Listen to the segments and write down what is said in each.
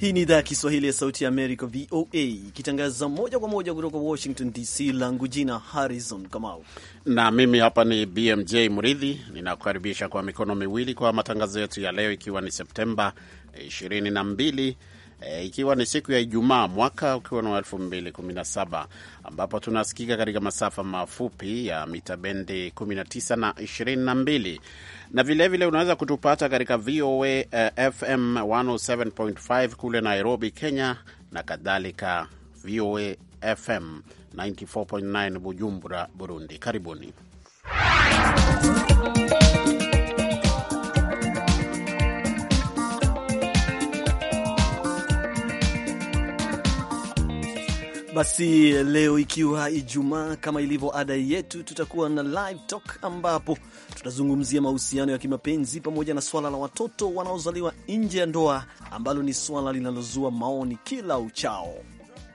Hii ni idhaa ya Kiswahili ya Sauti ya Amerika, VOA, ikitangaza moja kwa moja kutoka Washington DC. Langu jina Harrison Kamau na mimi hapa ni BMJ Mridhi, ninakukaribisha kwa mikono miwili kwa matangazo yetu ya leo, ikiwa ni Septemba 22 e, ikiwa ni siku ya Ijumaa mwaka ukiwa na elfu mbili kumi na saba ambapo tunasikika katika masafa mafupi ya mita bendi 19 na 22 na vilevile vile unaweza kutupata katika VOA FM 107.5 kule Nairobi, Kenya na kadhalika VOA FM 94.9 Bujumbura, Burundi. Karibuni Basi leo ikiwa Ijumaa, kama ilivyo ada yetu, tutakuwa na live talk ambapo tutazungumzia mahusiano ya kimapenzi pamoja na swala la watoto wanaozaliwa nje ya ndoa ambalo ni swala linalozua maoni kila uchao.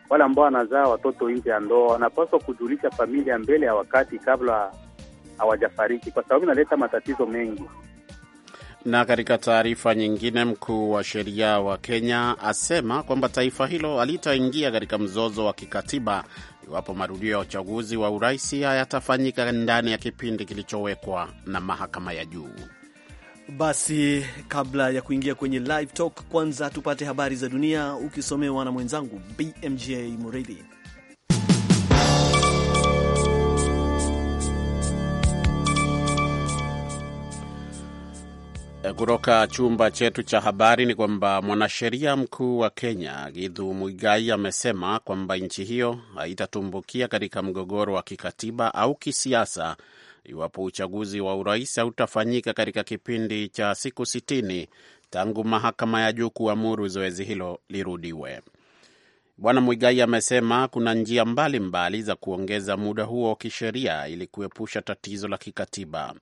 Wale ambao wanazaa watoto nje ya ndoa wanapaswa kujulisha familia mbele ya wakati, kabla hawajafariki, kwa sababu inaleta matatizo mengi. Na katika taarifa nyingine, mkuu wa sheria wa Kenya asema kwamba taifa hilo halitaingia katika mzozo wa kikatiba iwapo marudio ya uchaguzi wa urais hayatafanyika ndani ya kipindi kilichowekwa na mahakama ya juu. Basi kabla ya kuingia kwenye live talk, kwanza tupate habari za dunia ukisomewa na mwenzangu BMJ Muridhi. Eh, kutoka chumba chetu cha habari ni kwamba mwanasheria mkuu wa Kenya Githu Muigai amesema kwamba nchi hiyo haitatumbukia katika mgogoro wa kikatiba au kisiasa iwapo uchaguzi wa urais hautafanyika katika kipindi cha siku sitini tangu mahakama ya juu kuamuru zoezi hilo lirudiwe. Bwana Mwigai amesema kuna njia mbalimbali mbali za kuongeza muda huo kisheria ili kuepusha tatizo la kikatiba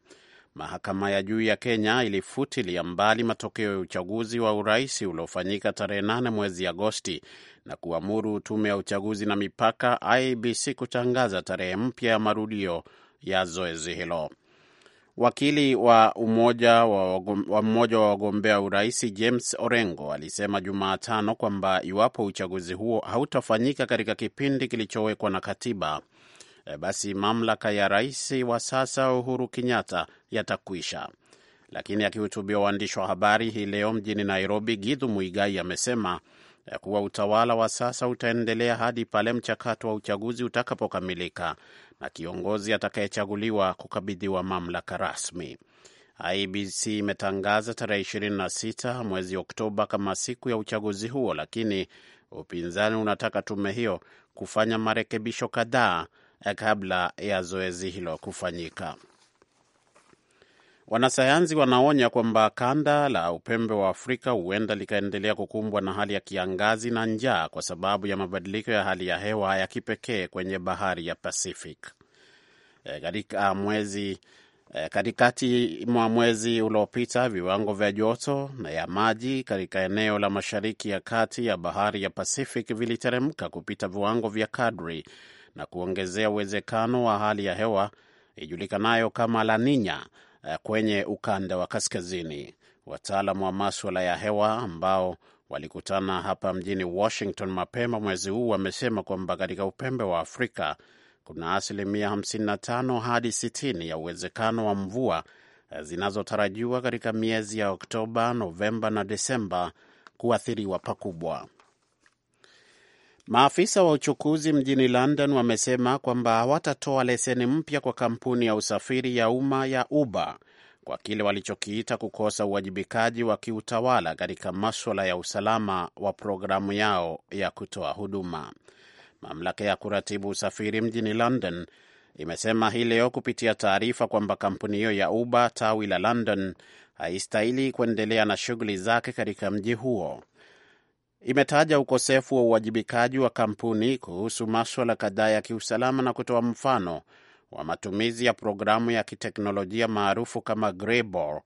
mahakama ya juu ya Kenya ilifutilia mbali matokeo ya uchaguzi wa urais uliofanyika tarehe nane mwezi Agosti na kuamuru tume ya uchaguzi na mipaka IBC kutangaza tarehe mpya ya marudio ya zoezi hilo. Wakili wa mmoja wa wagombea urais James Orengo alisema Jumatano kwamba iwapo uchaguzi huo hautafanyika katika kipindi kilichowekwa na katiba Eh, basi mamlaka ya rais wa sasa Uhuru Kenyatta yatakwisha. Lakini akihutubia waandishi wa habari hii leo mjini Nairobi, Githu Muigai amesema eh, kuwa utawala wa sasa utaendelea hadi pale mchakato wa uchaguzi utakapokamilika na kiongozi atakayechaguliwa kukabidhiwa mamlaka rasmi. IBC imetangaza tarehe 26 mwezi Oktoba kama siku ya uchaguzi huo, lakini upinzani unataka tume hiyo kufanya marekebisho kadhaa Eh, kabla ya zoezi hilo kufanyika. Wanasayansi wanaonya kwamba kanda la upembe wa Afrika huenda likaendelea kukumbwa na hali ya kiangazi na njaa kwa sababu ya mabadiliko ya hali ya hewa ya kipekee kwenye bahari ya Pacific. Eh, katika mwezi Eh, katikati mwa mwezi uliopita viwango vya joto na ya maji katika eneo la mashariki ya kati ya bahari ya Pacific viliteremka kupita viwango vya kadri na kuongezea uwezekano wa hali ya hewa ijulikanayo kama La Nina eh, kwenye ukanda wa kaskazini. Wataalam wa maswala ya hewa ambao walikutana hapa mjini Washington mapema mwezi huu wamesema kwamba katika upembe wa Afrika kuna asilimia 55 hadi 60 ya uwezekano wa mvua zinazotarajiwa katika miezi ya Oktoba, Novemba na Desemba kuathiriwa pakubwa. Maafisa wa uchukuzi mjini London wamesema kwamba hawatatoa leseni mpya kwa kampuni ya usafiri ya umma ya Uber kwa kile walichokiita kukosa uwajibikaji wa kiutawala katika maswala ya usalama wa programu yao ya kutoa huduma. Mamlaka ya kuratibu usafiri mjini London imesema hii leo kupitia taarifa kwamba kampuni hiyo ya Uber tawi la London haistahili kuendelea na shughuli zake katika mji huo. Imetaja ukosefu wa uwajibikaji wa kampuni kuhusu maswala kadhaa ya kiusalama na kutoa mfano wa matumizi ya programu ya kiteknolojia maarufu kama Greyball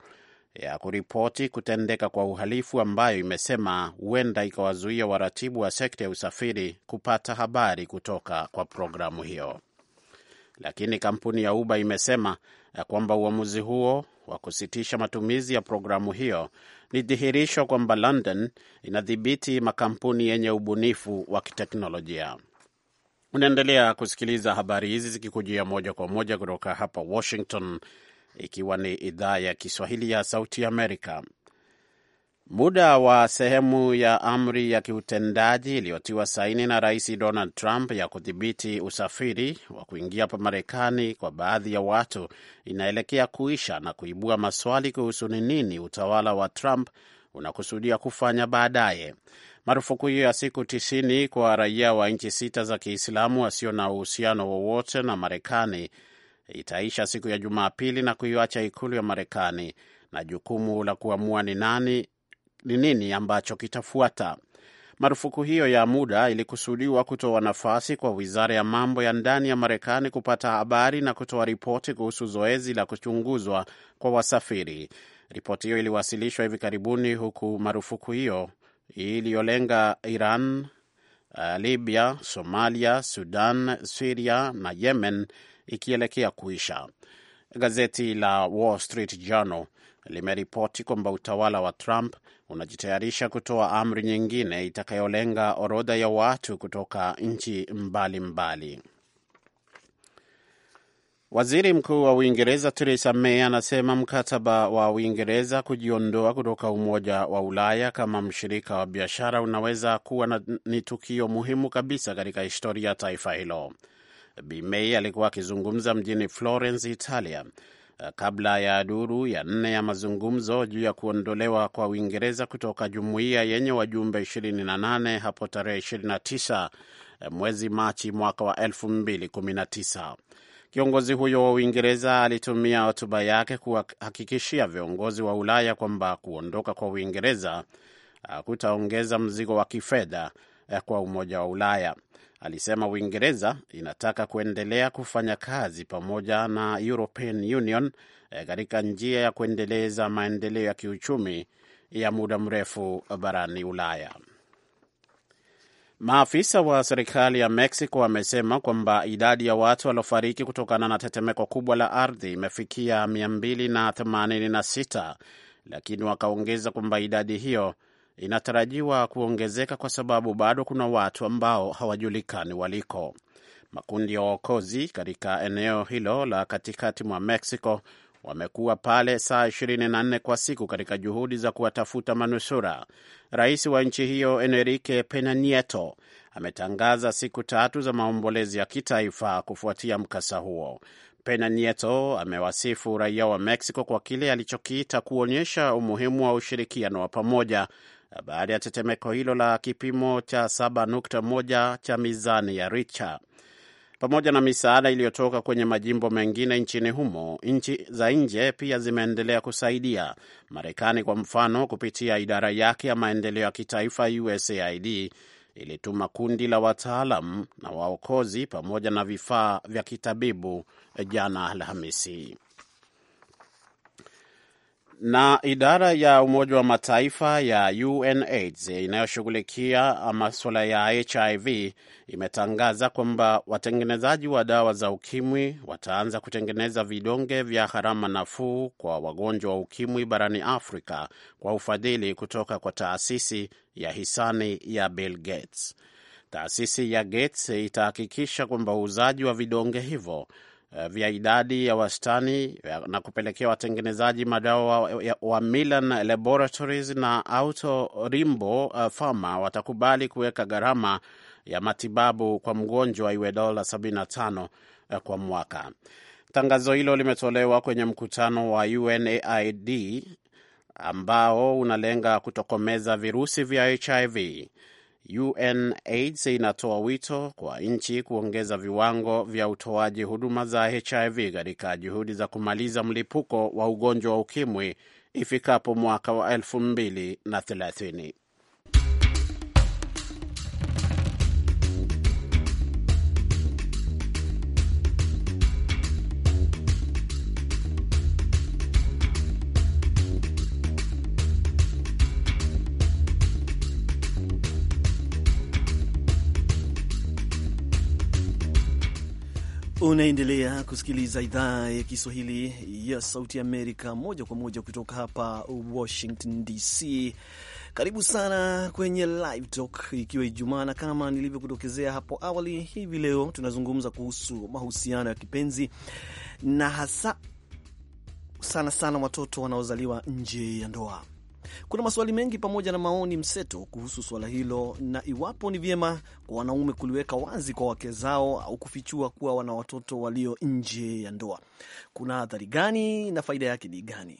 ya kuripoti kutendeka kwa uhalifu ambayo imesema huenda ikawazuia waratibu wa sekta ya usafiri kupata habari kutoka kwa programu hiyo. Lakini kampuni ya Uber imesema kwamba uamuzi huo wa kusitisha matumizi ya programu hiyo ni dhihirisho kwamba London inadhibiti makampuni yenye ubunifu wa kiteknolojia. Unaendelea kusikiliza habari hizi zikikujia moja kwa moja kutoka hapa Washington ikiwa ni idhaa ya Kiswahili ya Sauti Amerika. Muda wa sehemu ya amri ya kiutendaji iliyotiwa saini na Rais Donald Trump ya kudhibiti usafiri wa kuingia hapa Marekani kwa baadhi ya watu inaelekea kuisha na kuibua maswali kuhusu ni nini utawala wa Trump unakusudia kufanya baadaye. Marufuku hiyo ya siku tisini kwa raia wa nchi sita za Kiislamu wasio na uhusiano wowote na Marekani itaisha siku ya Jumapili na kuiacha ikulu ya Marekani na jukumu la kuamua ni nani ni nini ambacho kitafuata. Marufuku hiyo ya muda ilikusudiwa kutoa nafasi kwa wizara ya mambo ya ndani ya Marekani kupata habari na kutoa ripoti kuhusu zoezi la kuchunguzwa kwa wasafiri. Ripoti hiyo iliwasilishwa hivi karibuni, huku marufuku hiyo iliyolenga Iran, eh, Libya, Somalia, Sudan, Siria na Yemen ikielekea kuisha. Gazeti la Wall Street Journal limeripoti kwamba utawala wa Trump unajitayarisha kutoa amri nyingine itakayolenga orodha ya watu kutoka nchi mbalimbali. Waziri Mkuu wa Uingereza Theresa May anasema mkataba wa Uingereza kujiondoa kutoka Umoja wa Ulaya kama mshirika wa biashara unaweza kuwa ni tukio muhimu kabisa katika historia ya taifa hilo. Bi alikuwa akizungumza mjini Florence, Italia, eh, kabla ya duru ya nne ya mazungumzo juu ya kuondolewa kwa Uingereza kutoka jumuiya yenye wajumbe 28 hapo tarehe 29 eh, mwezi Machi mwaka wa 2019. Kiongozi huyo wa Uingereza alitumia hotuba yake kuhakikishia viongozi wa Ulaya kwamba kuondoka kwa Uingereza eh, kutaongeza mzigo wa kifedha kwa Umoja wa Ulaya alisema Uingereza inataka kuendelea kufanya kazi pamoja na European Union eh, katika njia ya kuendeleza maendeleo ya kiuchumi ya muda mrefu barani Ulaya. Maafisa wa serikali ya Mexico wamesema kwamba idadi ya watu waliofariki kutokana na tetemeko kubwa la ardhi imefikia 286 lakini wakaongeza kwamba idadi hiyo inatarajiwa kuongezeka kwa sababu bado kuna watu ambao hawajulikani waliko. Makundi ya waokozi katika eneo hilo la katikati mwa Mexico wamekuwa pale saa 24 kwa siku katika juhudi za kuwatafuta manusura. Rais wa nchi hiyo Enrique Pena Nieto ametangaza siku tatu za maombolezi ya kitaifa kufuatia mkasa huo. Pena Nieto amewasifu raia wa Mexico kwa kile alichokiita kuonyesha umuhimu wa ushirikiano wa pamoja baada ya tetemeko hilo la kipimo cha 7.1 cha mizani ya Richter. Pamoja na misaada iliyotoka kwenye majimbo mengine nchini humo, nchi za nje pia zimeendelea kusaidia Marekani. Kwa mfano, kupitia idara yake ya maendeleo ya kitaifa USAID ilituma kundi la wataalam na waokozi pamoja na vifaa vya kitabibu jana Alhamisi. Na idara ya Umoja wa Mataifa ya UNAIDS inayoshughulikia maswala ya HIV imetangaza kwamba watengenezaji wa dawa za ukimwi wataanza kutengeneza vidonge vya gharama nafuu kwa wagonjwa wa ukimwi barani Afrika kwa ufadhili kutoka kwa taasisi ya hisani ya Bill Gates. Taasisi ya Gates itahakikisha kwamba uuzaji wa vidonge hivyo Eh, vya idadi ya wastani eh, na kupelekea watengenezaji madawa wa, wa Milan Laboratories na Auto Rimbo eh, Pharma watakubali kuweka gharama ya matibabu kwa mgonjwa iwe dola 75 kwa mwaka. Tangazo hilo limetolewa kwenye mkutano wa UNAID ambao unalenga kutokomeza virusi vya HIV. UNAIDS inatoa wito kwa nchi kuongeza viwango vya utoaji huduma za HIV katika juhudi za kumaliza mlipuko wa ugonjwa wa ukimwi ifikapo mwaka wa 2030. Unaendelea kusikiliza idhaa ya Kiswahili ya Sauti Amerika moja kwa moja kutoka hapa Washington DC. Karibu sana kwenye Live Talk ikiwa Ijumaa, na kama nilivyokutokezea hapo awali, hivi leo tunazungumza kuhusu mahusiano ya kipenzi na hasa sana sana watoto wanaozaliwa nje ya ndoa. Kuna maswali mengi pamoja na maoni mseto kuhusu suala hilo na iwapo ni vyema kwa wanaume kuliweka wazi kwa wake zao au kufichua kuwa wana watoto walio nje ya ndoa. Kuna athari gani na faida yake ni gani?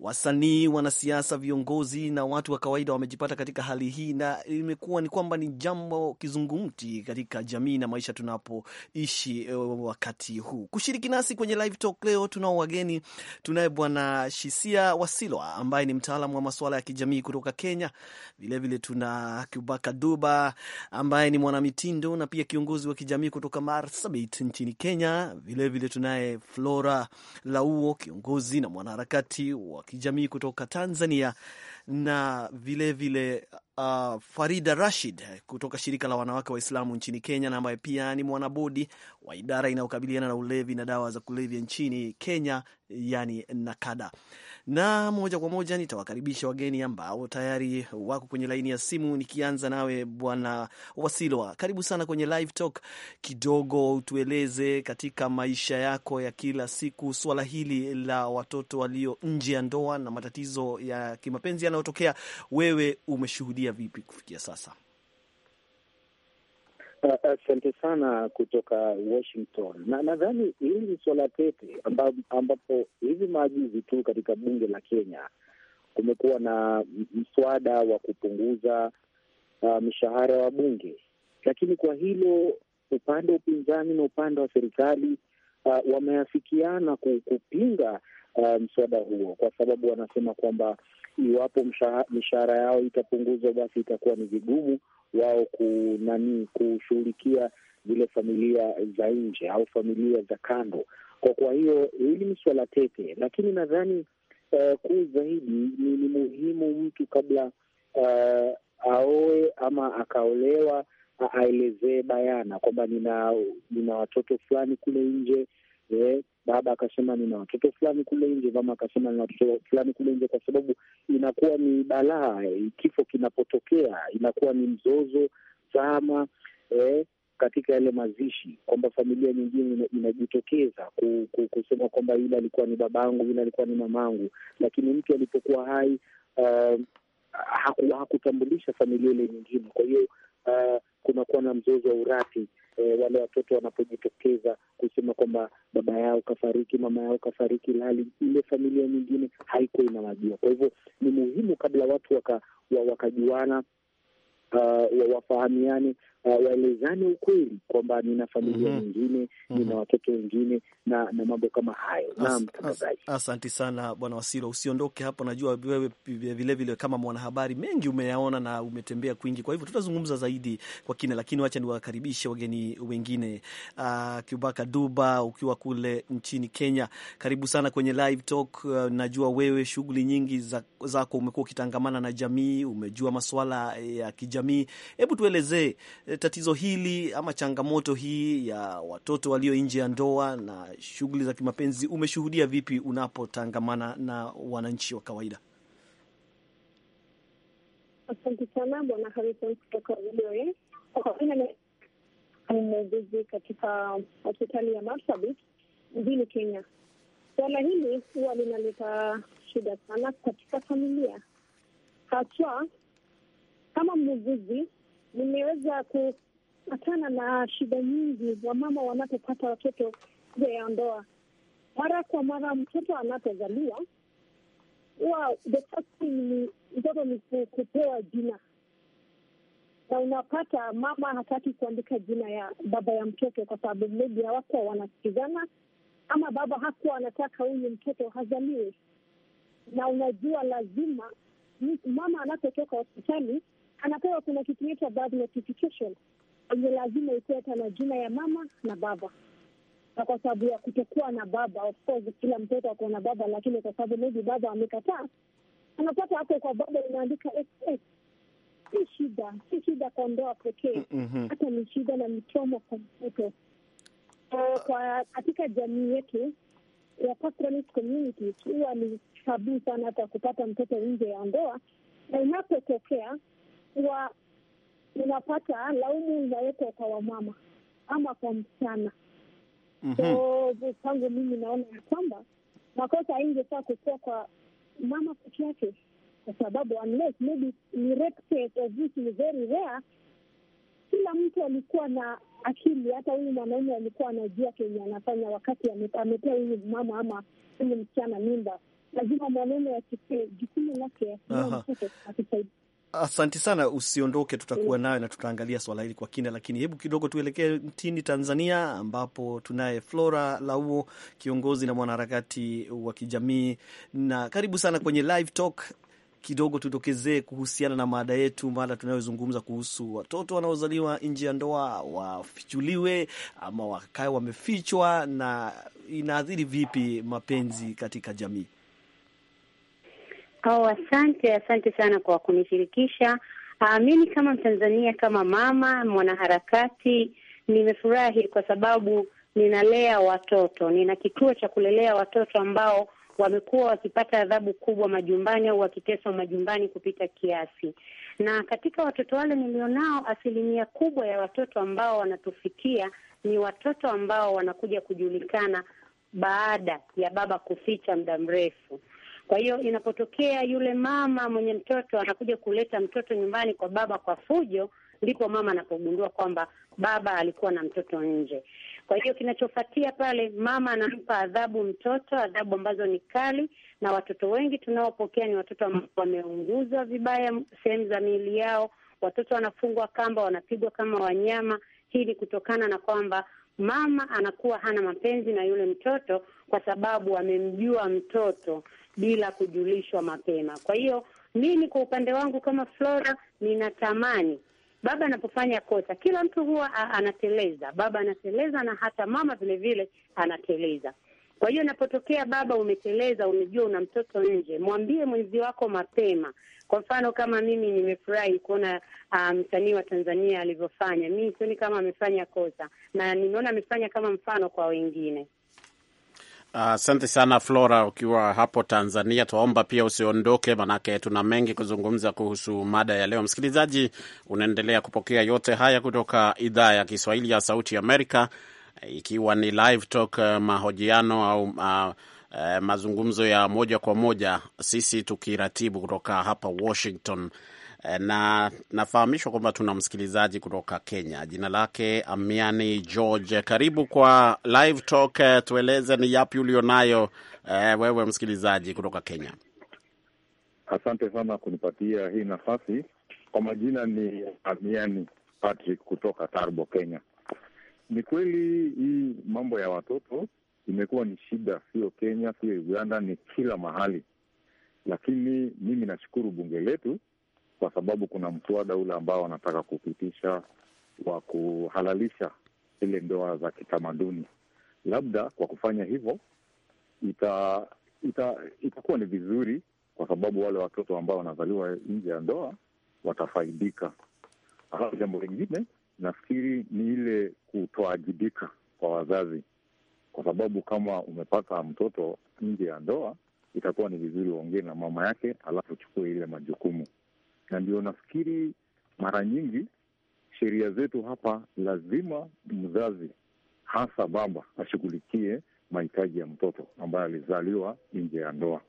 wasanii, wanasiasa, viongozi na watu wa kawaida wamejipata katika hali hii, na imekuwa ni kwamba ni jambo kizungumti katika jamii na maisha tunapoishi e, wakati huu. Kushiriki nasi kwenye live talk leo, tunao wageni. Tunaye Bwana Shisia Wasilwa ambaye ni mtaalamu wa masuala ya kijamii kutoka Kenya. Vilevile tuna Kubaka Duba ambaye ni mwanamitindo na pia kiongozi wa kijamii kutoka Marsabit nchini Kenya. Vilevile tunaye Flora Lauo, kiongozi na mwanaharakati wa kijamii kutoka Tanzania na vilevile vile, uh, Farida Rashid kutoka shirika la wanawake Waislamu nchini Kenya, na ambaye pia ni mwanabodi wa idara inayokabiliana na ulevi na dawa za kulevya nchini Kenya yani kada Na moja kwa moja nitawakaribisha wageni ambao tayari wako kwenye laini ya simu, nikianza nawe Bwana Wasilwa, karibu sana kwenye Live Talk. Kidogo utueleze katika maisha yako ya kila siku swala hili la watoto walio nje ya ndoa na matatizo ya kimapenzi yanayotokea, wewe umeshuhudia vipi kufikia sasa? Asante uh, sana kutoka Washington. Na nadhani hili ni suala tete, ambapo hivi maajuzi tu katika bunge la Kenya kumekuwa na mswada wa kupunguza uh, mshahara wa bunge, lakini kwa hilo upande wa upinzani na upande wa serikali uh, wameafikiana kupinga uh, mswada huo kwa sababu wanasema kwamba iwapo mshahara yao itapunguzwa, basi itakuwa ni vigumu wao kunani kushughulikia zile familia za nje au familia za kando. Kwa kwa hiyo hili ni swala tete, lakini nadhani uh, kuu zaidi ni, ni muhimu mtu kabla uh, aoe ama akaolewa aelezee bayana kwamba nina, nina watoto fulani kule nje e, baba akasema nina watoto fulani kule nje, mama akasema nina watoto fulani kule nje, kwa sababu inakuwa ni balaa eh, kifo kinapotokea inakuwa ni mzozo zama eh, katika yale mazishi kwamba familia nyingine inajitokeza kusema kwamba yule alikuwa ni babangu, yule alikuwa ni mamangu, lakini mtu alipokuwa hai uh, hakutambulisha familia ile nyingine. Kwa hiyo uh, kunakuwa na mzozo wa urati e, wale watoto wanapojitokeza kusema kwamba baba yao kafariki, mama yao kafariki, lali ile familia nyingine haikuwa inawajua. Kwa hivyo ni muhimu kabla watu waka, wa, wakajuana, uh, wafahamiane waelezane ukweli kwamba nina familia mhm. nyingine, mm -hmm. nina mhm. watoto wengine na na mambo kama hayo. mtangazaji, asante sana bwana Wasira, usiondoke hapo. Najua wewe vilevile kama mwanahabari mengi umeyaona na umetembea kwingi, kwa hivyo tutazungumza zaidi kwa kina, lakini wacha niwakaribishe wageni wengine. Uh, ah, Kibaka Duba, ukiwa kule nchini Kenya, karibu sana kwenye live talk. Uh, najua wewe shughuli nyingi zako za umekuwa ukitangamana na jamii, umejua masuala ya kijamii. Hebu tuelezee eh, tatizo hili ama changamoto hii ya watoto walio nje ya ndoa na shughuli za kimapenzi umeshuhudia vipi unapotangamana na wananchi wa kawaida? Asante sana Bwana Harison kutoka VOA. Ni muuguzi katika hospitali ya Marsabit mjini Kenya. Swala hili huwa linaleta shida sana katika familia, haswa kama muuguzi nimeweza kupatana na shida nyingi wamama wanapopata watoto nje ya ndoa. Mara kwa mara mtoto anapozaliwa huwa mtoto ni kupewa jina, na unapata mama hataki kuandika jina ya baba ya mtoto kwa sababu maybe hawakuwa wanasikizana ama baba hakuwa anataka huyu mtoto hazaliwe. Na unajua lazima mama anapotoka hospitali anapewa, kuna kitu inaitwa birth notification enye lazima ikuweka na jina ya mama na baba, na kwa sababu ya kutokuwa na baba, of course kila mtoto ako na baba, lakini kwa sababu maybe baba amekataa, anapata hapo kwa baba inaandika SS. Si shida, si shida kwa ndoa pekee, mm-hmm. hata ni shida na michomo kwa mtoto. Kwa katika jamii yetu ya pastoralist huwa ni tabu sana hata kupata mtoto nje ya ndoa, na inapotokea kuwa unapata laumu inawekwa kwa wamama ama kwa msichana. mm -hmm. So tangu mhm. mimi naona ya kwamba makosa haingefaa kukua kwa mama peke yake, kwa sababu unless maybe ni rape case of which very rare, kila mtu alikuwa na akili. Hata huyu mwanaume alikuwa anajua kenye anafanya wakati ametea huyu mama ama huyu msichana mimba. Lazima mwanaume achukue jukumu lake, akisaidia Asanti sana, usiondoke, tutakuwa mm. nayo na tutaangalia swala hili kwa kina, lakini hebu kidogo tuelekee nchini Tanzania ambapo tunaye Flora Lauo, kiongozi na mwanaharakati wa kijamii, na karibu sana kwenye Live Talk. Kidogo tutokezee kuhusiana na mada yetu, mada tunayozungumza kuhusu watoto wanaozaliwa nje ya ndoa wafichuliwe ama wakae wamefichwa, na inaathiri vipi mapenzi katika jamii? Oh, asante asante sana kwa kunishirikisha. Uh, mimi kama Mtanzania, kama mama mwanaharakati, nimefurahi kwa sababu ninalea watoto, nina kituo cha kulelea watoto ambao wamekuwa wakipata adhabu kubwa majumbani au wakiteswa majumbani kupita kiasi, na katika watoto wale nilionao, asilimia kubwa ya watoto ambao wanatufikia ni watoto ambao wanakuja kujulikana baada ya baba kuficha muda mrefu. Kwa hiyo inapotokea yule mama mwenye mtoto anakuja kuleta mtoto nyumbani kwa baba kwa fujo, ndipo mama anapogundua kwamba baba alikuwa na mtoto nje. Kwa hiyo kinachofuatia pale, mama anampa adhabu mtoto, adhabu ambazo ni kali, na watoto wengi tunaopokea ni watoto ambao wameunguzwa vibaya sehemu za miili yao. Watoto wanafungwa kamba, wanapigwa kama wanyama. Hii ni kutokana na kwamba mama anakuwa hana mapenzi na yule mtoto, kwa sababu amemjua mtoto bila kujulishwa mapema. Kwa hiyo mimi kwa upande wangu kama Flora ninatamani baba anapofanya kosa, kila mtu huwa anateleza, baba anateleza na hata mama vile vile anateleza. Kwa hiyo inapotokea baba umeteleza, umejua una mtoto nje, mwambie mwenzi wako mapema. Kwa mfano kama mimi nimefurahi kuona msanii um, wa Tanzania alivyofanya, mimi sioni kama amefanya kosa, na nimeona amefanya kama mfano kwa wengine. Asante uh, sana Flora, ukiwa hapo Tanzania. Twaomba pia usiondoke, manake tuna mengi kuzungumza kuhusu mada ya leo. Msikilizaji, unaendelea kupokea yote haya kutoka idhaa ya Kiswahili ya Sauti Amerika, ikiwa ni Live Talk, eh, mahojiano au uh, uh, mazungumzo ya moja kwa moja, sisi tukiratibu kutoka hapa Washington Eh, na nafahamishwa kwamba tuna msikilizaji kutoka Kenya, jina lake Amiani George. Karibu kwa Live Talk, eh, tueleze ni yapi ulionayo eh, wewe msikilizaji kutoka Kenya. Asante sana kunipatia hii nafasi. Kwa majina ni Amiani Patrick kutoka Tarbo, Kenya. Ni kweli hii mambo ya watoto imekuwa ni shida, sio Kenya, sio Uganda, ni kila mahali, lakini mimi nashukuru bunge letu kwa sababu kuna mswada ule ambao wanataka kupitisha wa kuhalalisha zile ndoa za kitamaduni. Labda kwa kufanya hivyo ita, ita, itakuwa ni vizuri, kwa sababu wale watoto ambao wanazaliwa nje ya ndoa watafaidika. Halafu jambo lingine nafikiri ni ile kutoajibika kwa wazazi, kwa sababu kama umepata mtoto nje ya ndoa itakuwa ni vizuri uongee na mama yake, alafu uchukue ile majukumu na ndio nafikiri mara nyingi sheria zetu hapa, lazima mzazi hasa baba ashughulikie mahitaji ya mtoto ambaye alizaliwa nje ya ndoa.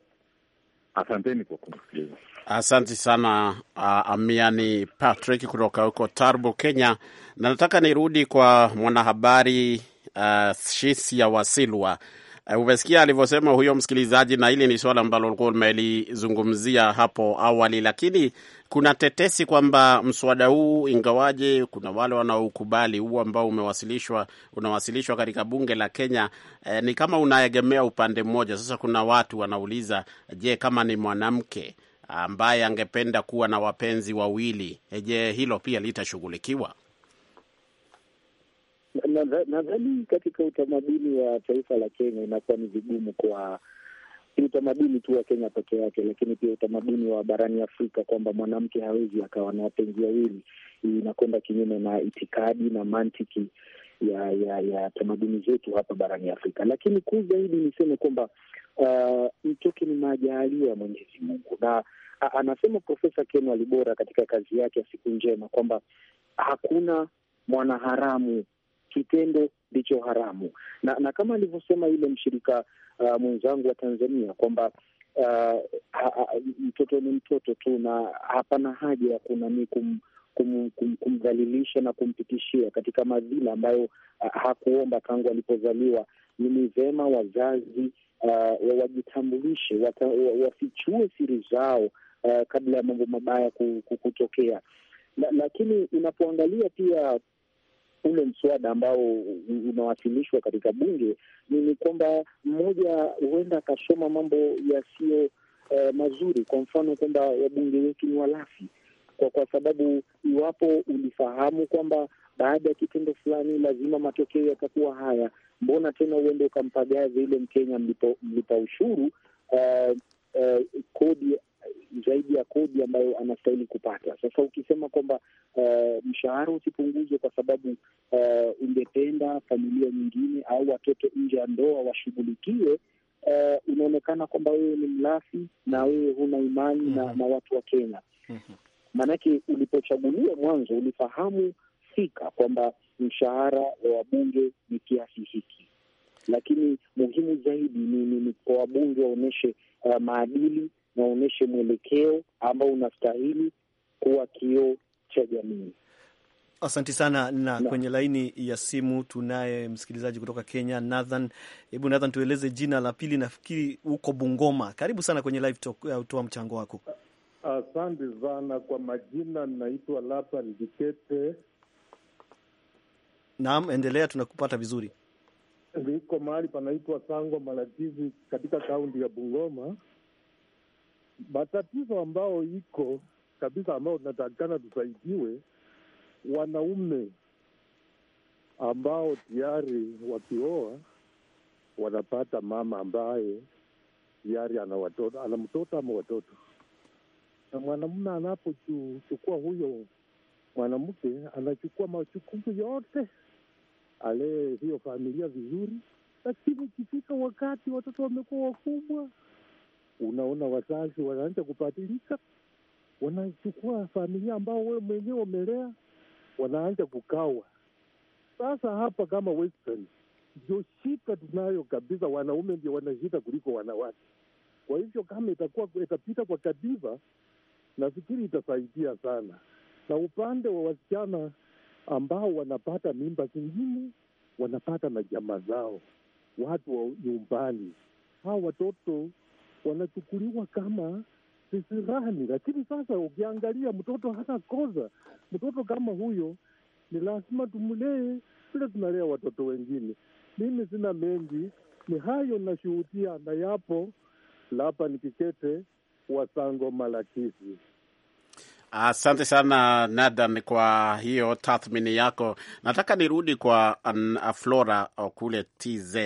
Asanteni kwa kumsikiliza. Asante sana uh, Amiani Patrick kutoka huko Tarbo, Kenya. Na nataka nirudi kwa mwanahabari uh, Shisia Wasilwa Eh, umesikia alivyosema huyo msikilizaji, na hili ni suala ambalo ulikuwa umelizungumzia hapo awali, lakini kuna tetesi kwamba mswada huu ingawaje kuna wale wanaoukubali huu ambao umewasilishwa unawasilishwa katika bunge la Kenya eh, ni kama unaegemea upande mmoja. Sasa kuna watu wanauliza, je, kama ni mwanamke ambaye angependa kuwa na wapenzi wawili, eh, je, hilo pia litashughulikiwa? Nadhani katika utamaduni wa taifa la Kenya inakuwa ni vigumu kwa si utamaduni tu wa Kenya peke yake, lakini pia utamaduni wa barani Afrika kwamba mwanamke hawezi akawa na wapenzi wawili. Hii inakwenda kinyume na itikadi na mantiki ya ya ya tamaduni zetu hapa barani Afrika. Lakini kuu zaidi niseme kwamba uh, mtoke ni majaliwa ya Mwenyezi Mungu, na anasema Profesa Ken Walibora katika kazi yake ya Siku Njema kwamba hakuna mwanaharamu kitendo ndicho haramu. Na, na kama alivyosema yule mshirika uh, mwenzangu wa Tanzania kwamba uh, mtoto ni mtoto tu na hapana haja ya kunani kum kumdhalilisha na kumpitishia katika madhila ambayo uh, hakuomba tangu alipozaliwa. Ni vema wazazi uh, wajitambulishe, wafichue siri zao uh, kabla ya mambo mabaya kutokea. La, lakini unapoangalia pia ule mswada ambao unawasilishwa katika bunge ni kwamba mmoja huenda akasoma mambo yasiyo uh, mazuri. Kwa mfano kwamba wabunge wetu ni walafi, kwa, kwa sababu iwapo ulifahamu kwamba baada ya kitendo fulani lazima matokeo yatakuwa haya, mbona tena uende ukampagaza ile Mkenya mlipa, ushuru uh, uh, kodi zaidi ya kodi ambayo anastahili kupata. Sasa ukisema kwamba uh, mshahara usipunguzwe kwa sababu uh, ungependa familia nyingine au watoto nje ya ndoa washughulikiwe, uh, unaonekana kwamba wewe ni mlafi na wewe huna imani mm -hmm. na, mhm. na watu wa Kenya mm -hmm. Maanake ulipochaguliwa mwanzo ulifahamu fika kwamba mshahara wa wabunge ni kiasi hiki, lakini muhimu zaidi ni, ni, ni kwa wabunge waonyeshe uh, maadili na uonyeshe mwelekeo ambao unastahili kuwa kioo cha jamii. Asante sana na no. Kwenye laini ya simu tunaye msikilizaji kutoka Kenya, Nathan. Hebu Nathan, tueleze jina la pili, nafikiri huko Bungoma. Karibu sana kwenye live talk, uh, utoa mchango wako. Asante sana kwa majina, naitwa lapa Dikete. Naam, endelea, tunakupata vizuri. Niko mahali panaitwa Sango Malatizi katika kaunti ya Bungoma matatizo ambayo iko kabisa, ambayo tunatakikana tusaidiwe, wanaume ambao tayari wakioa wanapata mama ambaye tayari ana watoto, ana mtoto ama watoto, na mwanamume anapochukua huyo mwanamke anachukua majukumu yote alee hiyo familia vizuri, lakini ikifika wakati watoto wamekuwa wakubwa, unaona wazazi wanaanza kubadilika, wanachukua familia ambao wewe mwenyewe umelea, wanaanza kukawa. Sasa hapa kama Western ndio shida tunayo kabisa, wanaume ndio wanashida kuliko wanawake. Kwa hivyo kama itakuwa itapita kwa katiba, nafikiri itasaidia sana, na upande wa wasichana ambao wanapata mimba zingine wanapata na jamaa zao, watu wa nyumbani, hawa watoto wanachukuliwa kama sisirani. Lakini sasa ukiangalia mtoto hata koza mtoto kama huyo ni lazima tumlee vile tunalea watoto wengine. Mimi sina mengi, ni hayo nashuhudia na yapo lapa nikikete wasango malakisi Asante sana Nathan kwa hiyo tathmini yako. Nataka nirudi kwa uh, Flora uh, kule TZ.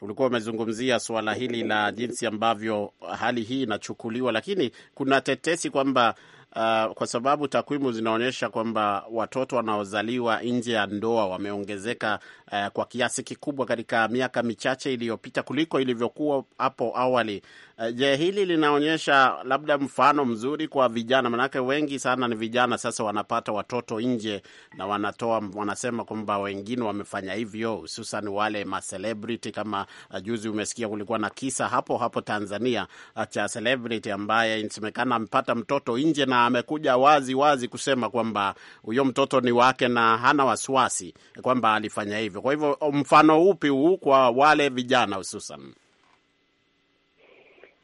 Ulikuwa umezungumzia suala hili la jinsi ambavyo hali hii inachukuliwa, lakini kuna tetesi kwamba uh, kwa sababu takwimu zinaonyesha kwamba watoto wanaozaliwa nje ya ndoa wameongezeka uh, kwa kiasi kikubwa katika miaka michache iliyopita kuliko ilivyokuwa hapo awali. Uh, je, hili linaonyesha labda mfano mzuri kwa vijana? Maanake wengi sana ni vijana sasa wanapata watoto nje na wanatoa, wanasema kwamba wengine wamefanya hivyo, hususan wale macelebrity kama uh, juzi umesikia kulikuwa na kisa hapo hapo Tanzania uh, cha celebrity ambaye inasemekana amepata mtoto nje na amekuja wazi wazi kusema kwamba huyo mtoto ni wake na hana wasiwasi kwamba alifanya hivyo. Kwa hivyo mfano upi huu kwa wale vijana hususan?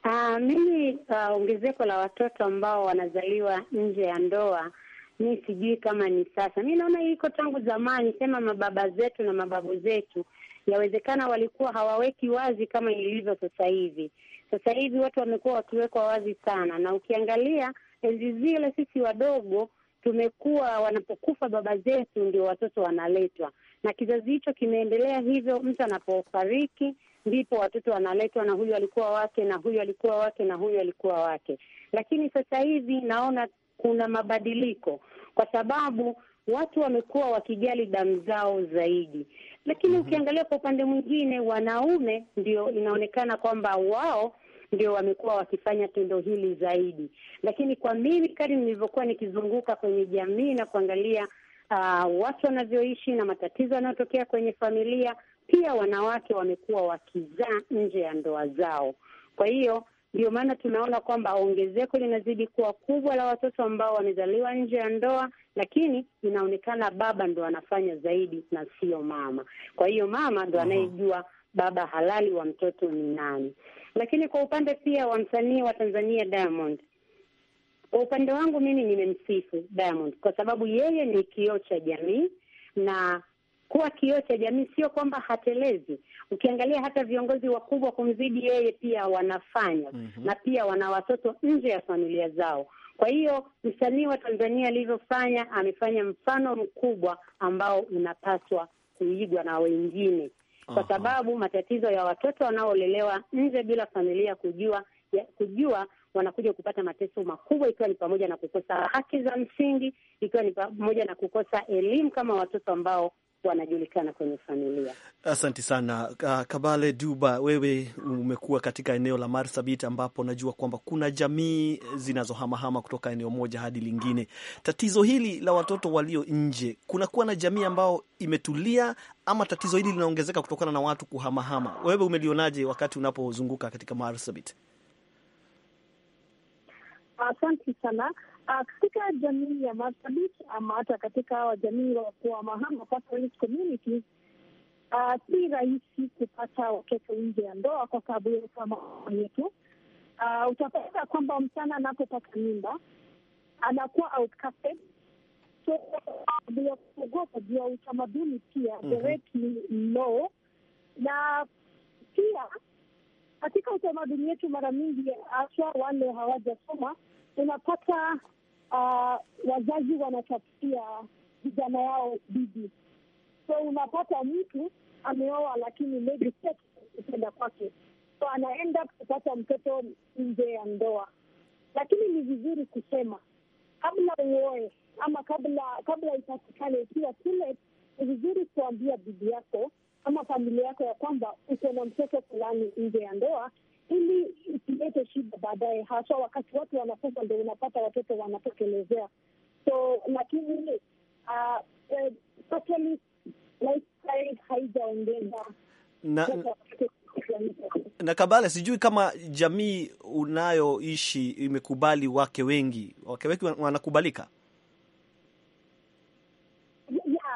Uh, mimi uh, ongezeko la watoto ambao wanazaliwa nje ya ndoa mi sijui kama ni sasa. Mi naona iko tangu zamani, sema mababa zetu na mababu zetu, yawezekana walikuwa hawaweki wazi kama ilivyo sasa hivi. Sasa hivi watu wamekuwa wakiwekwa wazi sana, na ukiangalia enzi zile sisi wadogo tumekuwa wanapokufa baba zetu ndio watoto wanaletwa, na kizazi hicho kimeendelea hivyo. Mtu anapofariki ndipo watoto wanaletwa, na huyu alikuwa wake, na huyu alikuwa wake, na huyu alikuwa wake. Lakini sasa hivi naona kuna mabadiliko, kwa sababu watu wamekuwa wakijali damu zao zaidi. Lakini mhm. ukiangalia kwa upande mwingine, wanaume ndio inaonekana kwamba wao ndio wamekuwa wakifanya tendo hili zaidi. Lakini kwa mimi, kadri nilivyokuwa nikizunguka kwenye jamii na kuangalia uh, watu wanavyoishi na matatizo yanayotokea kwenye familia, pia wanawake wamekuwa wakizaa nje ya ndoa zao. Kwa hiyo ndio maana tunaona kwamba ongezeko linazidi kuwa kubwa la watoto ambao wamezaliwa nje ya ndoa, lakini inaonekana baba ndo anafanya zaidi na sio mama. Kwa hiyo mama ndo anayejua baba halali wa mtoto ni nani. Lakini kwa upande pia wa msanii wa Tanzania Diamond, kwa upande wangu mimi nimemsifu Diamond kwa sababu yeye ni kioo cha jamii na kuwa kioo cha jamii sio kwamba hatelezi. Ukiangalia hata viongozi wakubwa kumzidi yeye pia wanafanya mm -hmm. na pia wana watoto nje ya familia zao. Kwa hiyo msanii wa Tanzania alivyofanya, amefanya mfano mkubwa ambao unapaswa kuigwa na wengine kwa sababu matatizo ya watoto wanaolelewa nje bila familia kujua ya, kujua wanakuja kupata mateso makubwa, ikiwa ni pamoja na kukosa haki za msingi, ikiwa ni pamoja na kukosa elimu kama watoto ambao wanajulikana kwenye familia. Asante sana Kabale Duba, wewe umekuwa katika eneo la Marsabit ambapo najua kwamba kuna jamii zinazohamahama kutoka eneo moja hadi lingine. Tatizo hili la watoto walio nje, kunakuwa na jamii ambao imetulia ama tatizo hili linaongezeka kutokana na watu kuhamahama? Wewe umelionaje wakati unapozunguka katika Marsabit? Asante sana. Ah, katika jamii ya Marsabit ama hata katika jamii wa Mahama communities ah, si rahisi kupata watoto nje ya ndoa kwa sababu ya utamaduni yetu. Uh, utapata kwamba msichana anapopata mimba anakuwa outcasted, so sababu ya kuogopa juu ya utamaduni pia mm -hmm. law na pia katika utamaduni wetu mara mingi, haswa wale hawajasoma, unapata uh, wazazi wanatafutia vijana yao bibi, so unapata mtu ameoa lakini maybe sex kupenda kwake, so anaenda kupata mtoto nje ya ndoa. Lakini ni vizuri kusema kabla uoe ama kabla kabla ipatikane, ikiwa kule, ni vizuri kuambia bibi yako ama familia yako ya kwamba uko na mtoto fulani nje ya ndoa ili isilete shida baadaye, haswa wakati watu wanakufa, ndo unapata watoto wanatokelezea. So lakini uh, uh, haijaongeza na, na Kabale, sijui kama jamii unayoishi imekubali wake wengi, wake wengi wanakubalika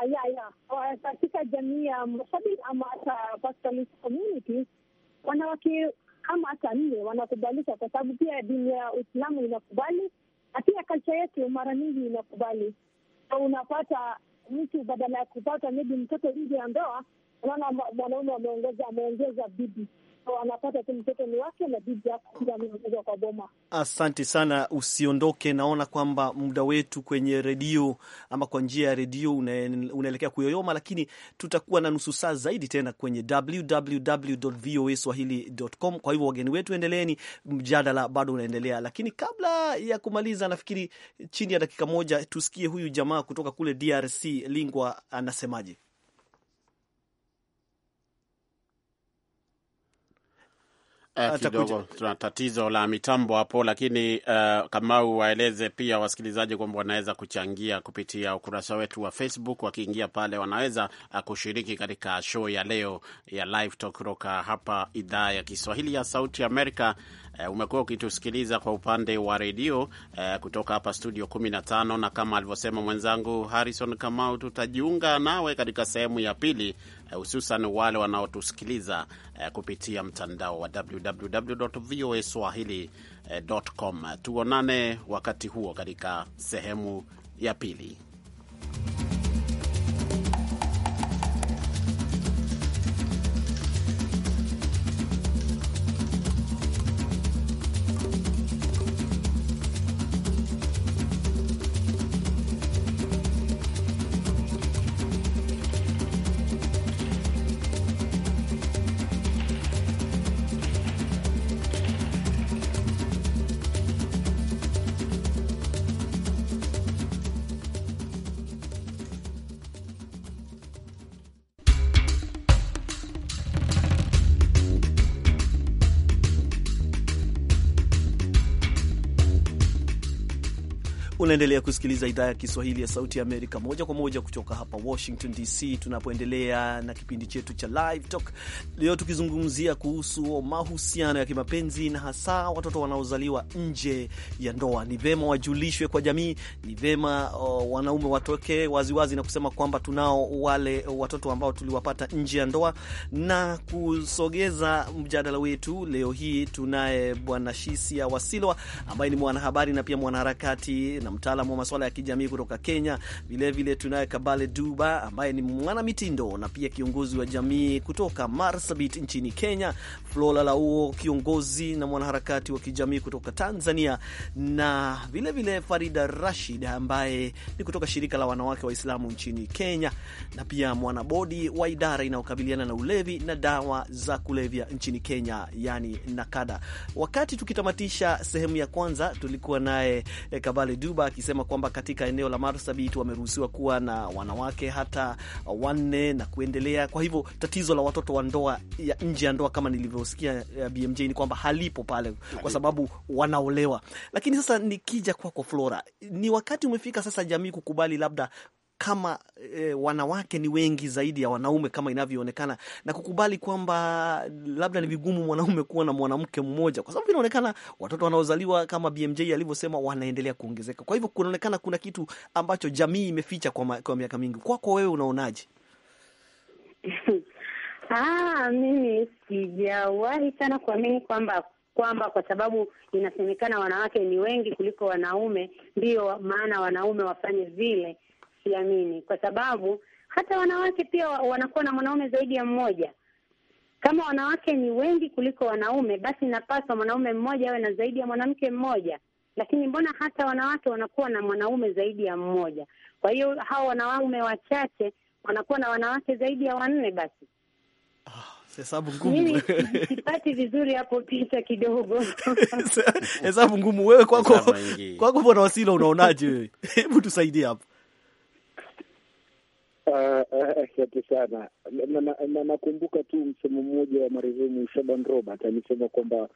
ya ya ya katika jamii ya Masabi ama hata wanawake ama hata nne wanakubalisha, kwa sababu pia dini ya Uislamu inakubali na pia kalcha yetu mara nyingi inakubali. So unapata mtu badala ya kupata maybe mtoto nje ya ndoa, unaona mwanaume ameongeza ameongeza bibi anapata tu mtoto ni wake na bibi ameongezwa kwa boma. Asante sana, usiondoke. Naona kwamba muda wetu kwenye redio ama kwa njia ya redio unaelekea kuyoyoma, lakini tutakuwa na nusu saa zaidi tena kwenye www.voaswahili.com. Kwa hivyo wageni wetu, endeleeni, mjadala bado unaendelea, lakini kabla ya kumaliza, nafikiri chini ya dakika moja tusikie huyu jamaa kutoka kule DRC Lingwa anasemaje. Eh, kidogo tuna tatizo la mitambo hapo, lakini uh, Kamau waeleze pia wasikilizaji kwamba wanaweza kuchangia kupitia ukurasa wetu wa Facebook. Wakiingia pale, wanaweza eh, kushiriki katika show ya leo ya Live Talk kutoka hapa idhaa ya Kiswahili ya Sauti Amerika. Uh, umekuwa ukitusikiliza kwa upande wa redio uh, kutoka hapa studio 15 na kama alivyosema mwenzangu Harrison Kamau, tutajiunga nawe katika sehemu ya pili Eh, hususan wale wanaotusikiliza eh, kupitia mtandao wa www.voaswahili.com. Tuonane wakati huo katika sehemu ya pili. Unaendelea kusikiliza idhaa ya Kiswahili ya Sauti ya Amerika moja kwa moja kutoka hapa Washington DC, tunapoendelea na kipindi chetu cha Live Talk leo tukizungumzia kuhusu mahusiano ya kimapenzi na hasa watoto wanaozaliwa nje ya ndoa. Ni vema wajulishwe kwa jamii, ni vema uh, wanaume watoke waziwazi na kusema kwamba tunao wale watoto ambao tuliwapata nje ya ndoa. Na kusogeza mjadala wetu leo hii tunaye Bwana Shisia Wasilwa ambaye ni mwanahabari na pia mwanaharakati na mtaalamu wa masuala ya kijamii kutoka Kenya. Vilevile tunaye Kabale Duba ambaye ni mwanamitindo na pia kiongozi wa jamii kutoka Marsabit nchini Kenya, Flora Lauo kiongozi na mwanaharakati wa kijamii kutoka Tanzania, na vilevile vile Farida Rashid ambaye ni kutoka shirika la wanawake Waislamu nchini Kenya na pia mwanabodi wa idara inayokabiliana na ulevi na dawa za kulevya nchini Kenya, yani NAKADA. Wakati tukitamatisha sehemu ya kwanza, tulikuwa naye eh, Kabale Duba akisema kwamba katika eneo la Marsabit wameruhusiwa kuwa na wanawake hata wanne na kuendelea. Kwa hivyo tatizo la watoto wa ndoa ya nje ya ndoa kama nilivyosikia eh, BMJ ni kwamba halipo pale, kwa sababu wanaolewa. Lakini sasa nikija kwako Flora, ni wakati umefika sasa jamii kukubali labda kama e, wanawake ni wengi zaidi ya wanaume kama inavyoonekana, na kukubali kwamba labda ni vigumu mwanaume kuwa na mwanamke mmoja, kwa sababu inaonekana watoto wanaozaliwa kama BMJ alivyosema wanaendelea kuongezeka. Kwa hivyo kunaonekana kuna kitu ambacho jamii imeficha kwa, kwa miaka mingi. Kwako wewe unaonaje? Ah, mimi sijawahi sana kuamini kwamba kwamba kwa sababu inasemekana wanawake ni wengi kuliko wanaume, ndiyo maana wanaume wafanye vile siamini, kwa sababu hata wanawake pia wanakuwa na mwanaume zaidi ya mmoja. Kama wanawake ni wengi kuliko wanaume, basi inapaswa mwanaume mmoja awe na zaidi ya mwanamke mmoja, lakini mbona hata wanawake wanakuwa na mwanaume zaidi ya mmoja? Kwa hiyo hao wanaume wachache wanakuwa na wanawake zaidi ya wanne. Basi ah, hesabu ngumu, sipati vizuri hapo picha kidogo. Hesabu ngumu. Wewe kwako, kwako Bwana Wasila, unaonaje wewe? Hebu tusaidie hapo. Asante sana. Na nakumbuka tu msemo mmoja wa marehemu Shaban Robert alisema kwamba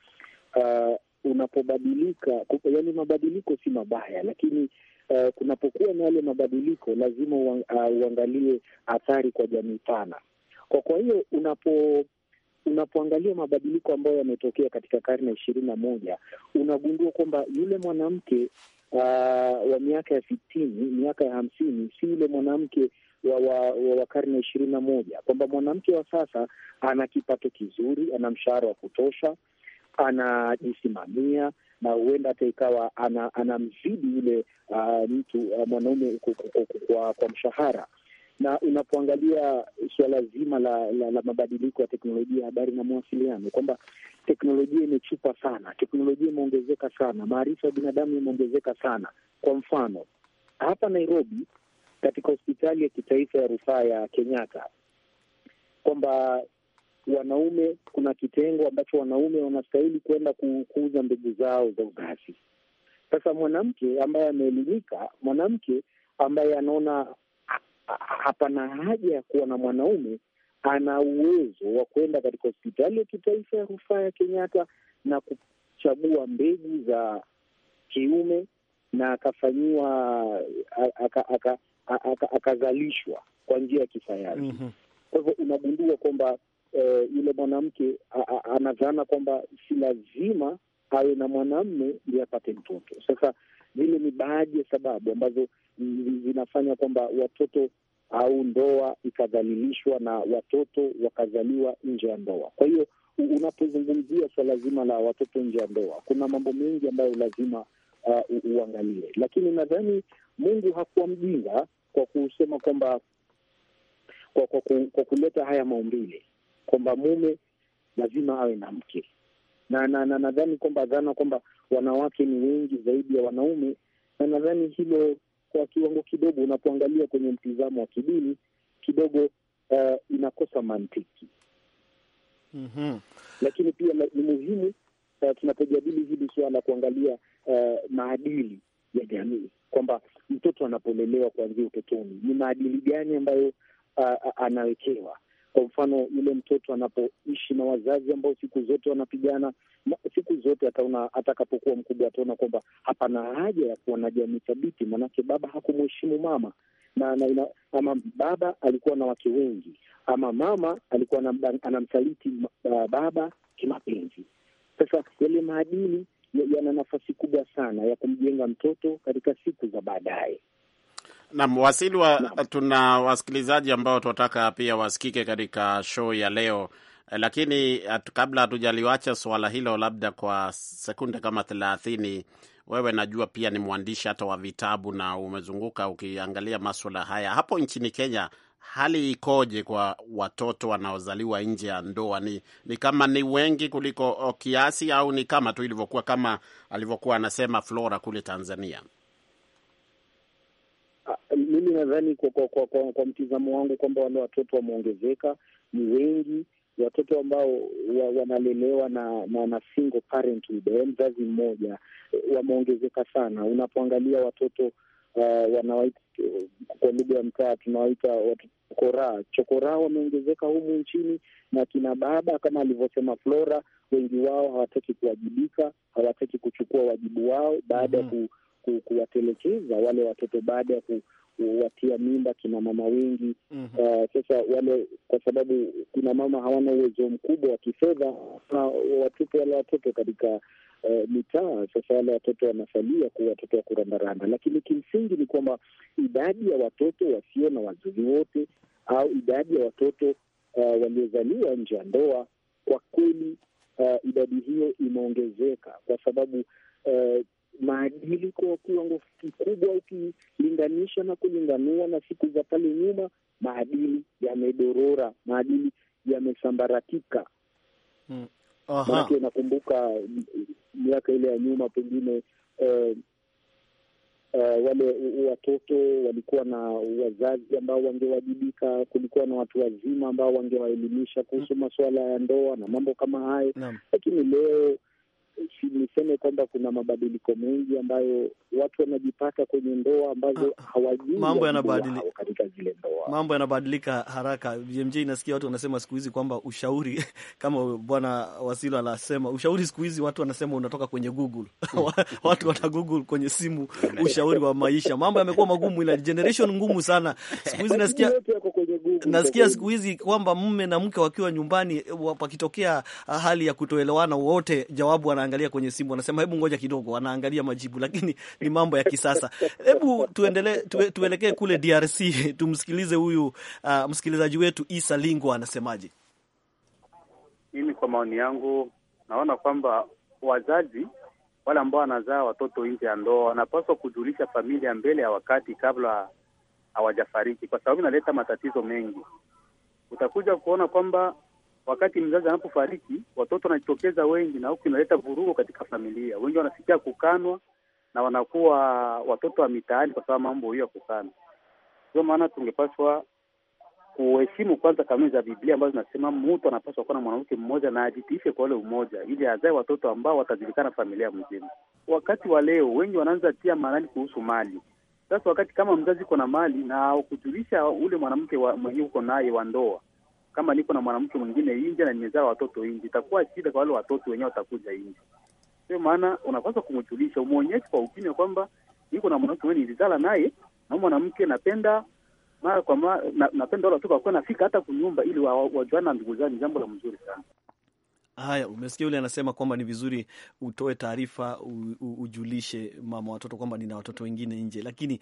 uh, unapobadilika, yaani mabadiliko si mabaya, lakini uh, kunapokuwa na yale mabadiliko lazima uangalie uh, uangalie athari kwa jamii pana. Kwa kwa hiyo unapo unapoangalia mabadiliko ambayo yametokea katika karne ya ishirini na moja unagundua kwamba yule mwanamke uh, wa miaka ya sitini miaka ya hamsini si yule mwanamke wa, wa, wa karne ishirini na moja kwamba mwanamke wa sasa ana kipato kizuri, ana mshahara wa kutosha, anajisimamia na huenda hata ikawa anamzidi ana yule uh, mtu uh, mwanaume kwa, kwa mshahara na unapoangalia suala zima la, la, la mabadiliko ya teknolojia ya habari na mawasiliano, kwamba teknolojia imechupa sana, teknolojia imeongezeka sana, maarifa ya binadamu yameongezeka sana. Kwa mfano hapa Nairobi katika hospitali ya kitaifa ya rufaa ya Kenyatta kwamba wanaume, kuna kitengo ambacho wanaume wanastahili kwenda kuuza mbegu zao za ugazi. Sasa mwanamke ambaye ameelimika, mwanamke ambaye anaona hapana haja ya kuwa na mwanaume, ana uwezo wa kwenda katika hospitali ya kitaifa ya rufaa ya Kenyatta na kuchagua mbegu za kiume na akafanyiwa akazalishwa kwa njia ya kisayansi. mm -hmm. Kwa hivyo unagundua kwamba eh, yule mwanamke anadhana kwamba si lazima awe na mwanamme ndio apate mtoto. Sasa zile ni baadhi ya sababu ambazo zinafanya kwamba watoto au ndoa ikadhalilishwa na watoto wakazaliwa nje ya ndoa. Kwa hiyo unapozungumzia swala zima la watoto nje ya ndoa, kuna mambo mengi ambayo lazima uh, uangalie, lakini nadhani Mungu hakuwa mjinga kwa kusema kwamba kwa, kwa, kwa kuleta haya maumbile kwamba mume lazima awe na mke, na nadhani na, na, kwamba dhana kwamba wanawake ni wengi zaidi ya wanaume, na nadhani hilo kwa kiwango kidogo, unapoangalia kwenye mtizamo wa kidini kidogo, uh, inakosa mantiki mm -hmm. Lakini pia ni muhimu uh, tunapojadili hili suala kuangalia uh, maadili ya jamii kwamba mtoto anapolelewa kuanzia utotoni, ni maadili gani ambayo uh, anawekewa kwa mfano yule mtoto anapoishi na wazazi ambao siku zote wanapigana, siku zote ataona, atakapokuwa mkubwa ataona kwamba hapana haja ya kuwa na jamii thabiti, maanake baba hakumheshimu mama na, na, na, ama baba alikuwa na wake wengi, ama mama alikuwa anamsaliti baba kimapenzi. Sasa yale maadili yana nafasi kubwa sana ya kumjenga mtoto katika siku za baadaye. Naam, Wasili wa, na, tuna wasikilizaji ambao tunataka pia wasikike katika show ya leo eh, lakini at, eh, kabla hatujaliwacha suala hilo, labda kwa sekunde kama thelathini, wewe najua pia ni mwandishi hata wa vitabu na umezunguka ukiangalia maswala haya hapo nchini Kenya hali ikoje kwa watoto wanaozaliwa nje ya ndoa? Ni, ni kama ni wengi kuliko kiasi au ni kama tu ilivyokuwa kama alivyokuwa anasema Flora kule Tanzania? Ah, mimi nadhani kwa, kwa, kwa, kwa, kwa mtizamo wangu kwamba wale watoto wameongezeka, ni wengi watoto ambao wa, wanalelewa na, na, na single parenthood, mzazi mmoja, wameongezeka sana. Unapoangalia watoto uh, wanawaita kwa lugha ya mtaa tunawaita chokoraa Chokoraa wameongezeka humu nchini, na kina baba kama alivyosema Flora, wengi wao hawataki kuwajibika, hawataki kuchukua wajibu wao baada ya mm -hmm. ku, ku, kuwatelekeza wale watoto baada ya ku kuwatia mimba kina mama wengi mm -hmm. Uh, sasa wale kwa sababu kina mama hawana uwezo mkubwa wa kifedha, na watupe wale watoto katika Uh, mitaa sasa, wale watoto wanasalia kuwa watoto wa kurandaranda, lakini kimsingi ni kwamba idadi ya watoto wasio na wazazi wote au idadi ya watoto uh, waliozaliwa nje ya ndoa, kwa kweli uh, idadi hiyo imeongezeka kwa sababu uh, maadili kwa kiwango kikubwa, ukilinganisha na kulinganua na siku za pale nyuma, maadili yamedorora, maadili yamesambaratika. hmm. Manake nakumbuka miaka ile ya nyuma pengine eh, Uh, wale watoto walikuwa na wazazi ambao wangewajibika. Kulikuwa na watu wazima ambao wangewaelimisha kuhusu mm. masuala ya ndoa na mambo kama hayo, lakini leo niseme kwamba kuna mabadiliko mengi ambayo watu wanajipata kwenye ndoa ambazo ah, hawajui mambo yanabadilika katika zile ndoa, mambo yanabadilika haraka. BMJ, nasikia watu wanasema siku hizi kwamba ushauri kama bwana Wasilo anasema ushauri siku hizi watu wanasema unatoka kwenye Google watu wana Google kwenye simu ushauri wa maisha. Mambo yamekuwa magumu, ila generation ngumu sana siku hizi nasikia nasikia siku hizi kwamba mume na mke wakiwa nyumbani, pakitokea eh, ah, hali ya kutoelewana, wote jawabu wanaangalia kwenye simu, wanasema hebu ngoja kidogo, wanaangalia majibu, lakini ni mambo ya kisasa. Hebu tuendelee, tue, tuelekee kule DRC tumsikilize huyu uh, msikilizaji wetu Isa Lingwa anasemaje? Mimi kwa maoni yangu naona kwamba wazazi wale ambao wanazaa watoto nje ya ndoa wanapaswa kujulisha familia mbele ya wakati kabla hawajafariki, kwa sababu inaleta matatizo mengi. Utakuja kuona kwamba wakati mzazi anapofariki watoto wanajitokeza wengi, na huku inaleta vurugu katika familia. Wengi wanasikia kukanwa na wanakuwa watoto wa mitaani kwa sababu mambo hiyo ya kukanwa. Ndio maana tungepaswa kuheshimu kwanza kanuni za Biblia ambazo zinasema mtu anapaswa kuwa na mwanamke mmoja na ajitiishe kwa ule umoja, ili azae watoto ambao watajulikana familia mzima. Wakati wa leo wengi wanaanza tia maanani kuhusu mali, sasa wakati kama mzazi uko na mali na kujulisha ule mwanamke mwenye uko naye wa ndoa, kama niko na mwanamke mwingine nje na nimezaa watoto nje, itakuwa shida kwa wale watoto wenyewe watakuja nje. Ndio maana unapaswa kumjulisha, umwonyeshe kwa ukimya kwamba niko na mwanamke mwenye nilizala naye na mwanamke napenda mara kwa mara, napenda wale watoto wakuwa nafika hata kunyumba, ili wajuana wa, wa, na ndugu zao. Ni jambo la mzuri sana. Haya, umesikia yule anasema kwamba ni vizuri utoe taarifa, ujulishe mama watoto kwamba nina watoto wengine nje. Lakini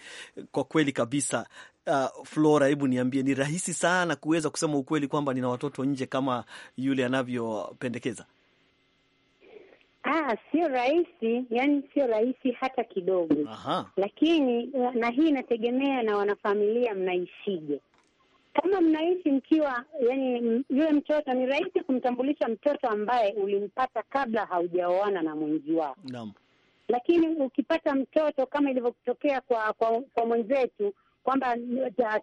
kwa kweli kabisa, uh, Flora, hebu niambie, ni rahisi sana kuweza kusema ukweli kwamba nina watoto nje kama yule anavyopendekeza? Ah, sio rahisi, yani sio rahisi hata kidogo. Aha. Lakini uh, na hii inategemea na wanafamilia mnaishije kama mnaishi mkiwa yani, yule mtoto ni rahisi kumtambulisha mtoto ambaye ulimpata kabla haujaoana na mwenzi wako. Naam. Lakini ukipata mtoto kama ilivyotokea kwa kwa, kwa mwenzetu kwamba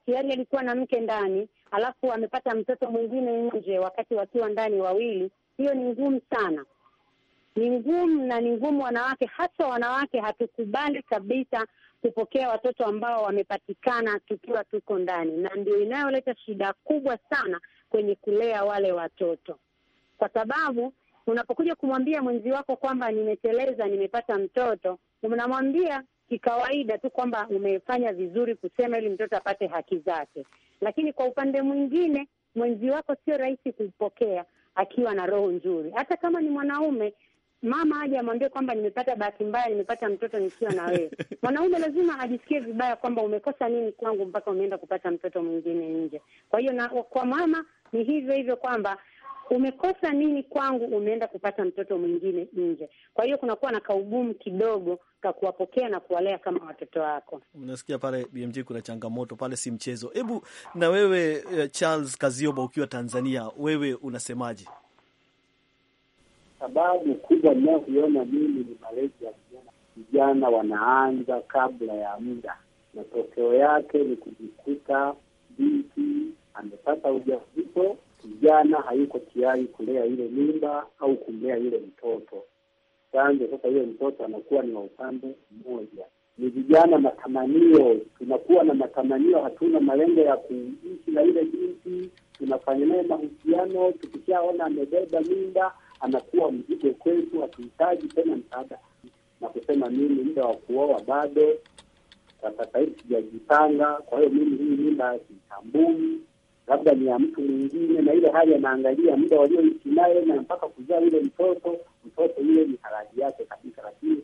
tayari alikuwa na mke ndani, alafu amepata mtoto mwingine nje wakati wakiwa ndani wawili, hiyo ni ngumu sana, ni ngumu na ni ngumu. Wanawake hasa wanawake hatukubali kabisa kupokea watoto ambao wamepatikana tukiwa tuko ndani, na ndio inayoleta shida kubwa sana kwenye kulea wale watoto, kwa sababu unapokuja kumwambia mwenzi wako kwamba nimeteleza, nimepata mtoto, unamwambia kikawaida tu kwamba umefanya vizuri kusema ili mtoto apate haki zake, lakini kwa upande mwingine mwenzi wako sio rahisi kumpokea akiwa na roho nzuri, hata kama ni mwanaume mama aje amwambie kwamba nimepata bahati mbaya, nimepata mtoto nikiwa na wewe. Mwanaume lazima ajisikie vibaya kwamba umekosa nini kwangu mpaka umeenda kupata mtoto mwingine nje. Kwa hiyo na kwa mama ni hivyo hivyo kwamba umekosa nini kwangu umeenda kupata mtoto mwingine nje. Kwa hiyo kunakuwa na kaugumu kidogo ka kuwapokea na kuwalea kama watoto wako. Unasikia pale BMG, kuna changamoto pale, si mchezo. Hebu na wewe eh, Charles Kazioba, ukiwa Tanzania, wewe unasemaje? sababu kubwa inayoiona mimi ni malezi ya vijana. Vijana wanaanza kabla ya muda, matokeo yake ni kujikuta binti amepata ujauzito, kijana hayuko tayari kulea ile mimba au kumlea ile mtoto chanjo. Sasa yule mtoto anakuwa ni wa upande mmoja. Ni vijana matamanio, tunakuwa na matamanio, hatuna malengo ya kuishi na ile binti, tunafanya naye mahusiano, tukishaona amebeba mimba anakuwa mzito kwetu, akihitaji tena msaada na kusema mimi muda wa kuoa bado sasa hivi sijajipanga, kwa hiyo mimi hii mimba sitambui, labda ni ya mtu mwingine, na ile hali anaangalia muda walioishi naye na mpaka kuzaa yule mtoto. Mtoto yule ni haraji yake kabisa, lakini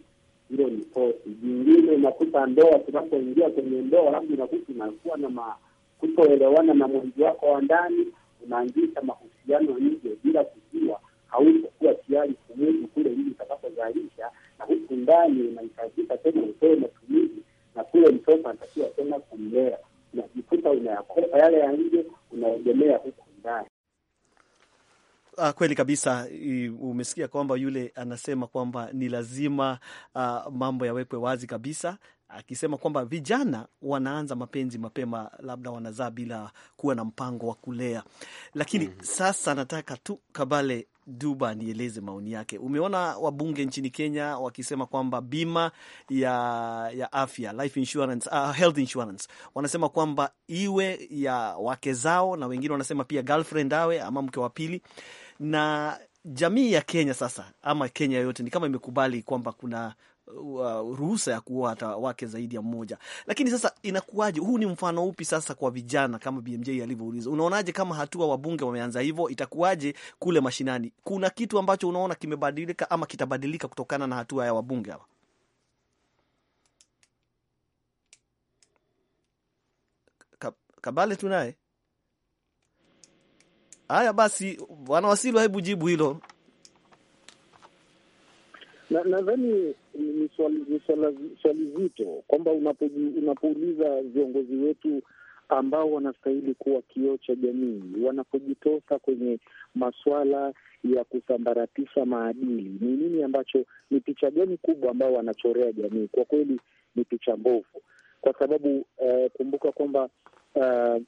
hilo ni kosi jingine. Unakuta ndoa, tunapoingia kwenye ndoa, labda unakuta unakuwa na kutoelewana na mwenzi wako wa ndani, unaanzisha mahusiano nje bila kujua hautakuwa tayari kumudu kule hivi utakapozalisha, na huku ndani unahitajika tena utoe matumizi, na kule mtoto anatakiwa tena kumlea, unajikuta unayakopa yale ya nje, unaegemea huku ndani. Ah, kweli kabisa. Umesikia kwamba yule anasema kwamba ni lazima uh, mambo yawekwe wazi kabisa akisema kwamba vijana wanaanza mapenzi mapema, labda wanazaa bila kuwa na mpango wa kulea. Lakini mm -hmm. Sasa nataka tu Kabale Duba nieleze maoni yake. Umeona wabunge nchini Kenya wakisema kwamba bima ya, ya afya life insurance, uh, health insurance wanasema kwamba iwe ya wake zao, na wengine wanasema pia girlfriend awe ama mke wa pili na jamii ya Kenya sasa ama Kenya yote ni kama imekubali kwamba kuna ruhusa ya kuoa hata wake zaidi ya mmoja. Lakini sasa inakuwaje? Huu ni mfano upi sasa kwa vijana kama BMJ alivyouliza? Unaonaje kama hatua wabunge wameanza hivyo, itakuwaje kule mashinani? Kuna kitu ambacho unaona kimebadilika ama kitabadilika kutokana na hatua ya wabunge hawa? Kabale tunaye. Haya basi, wanawasili hebu jibu hilo. Nadhani ni swali zito kwamba unapouliza viongozi wetu ambao wanastahili kuwa kioo cha jamii wanapojitosa kwenye masuala ya kusambaratisha maadili, ni nini ambacho, ni picha gani kubwa ambao wanachorea jamii? Kwa kweli ni picha mbovu, kwa sababu uh, kumbuka kwamba uh,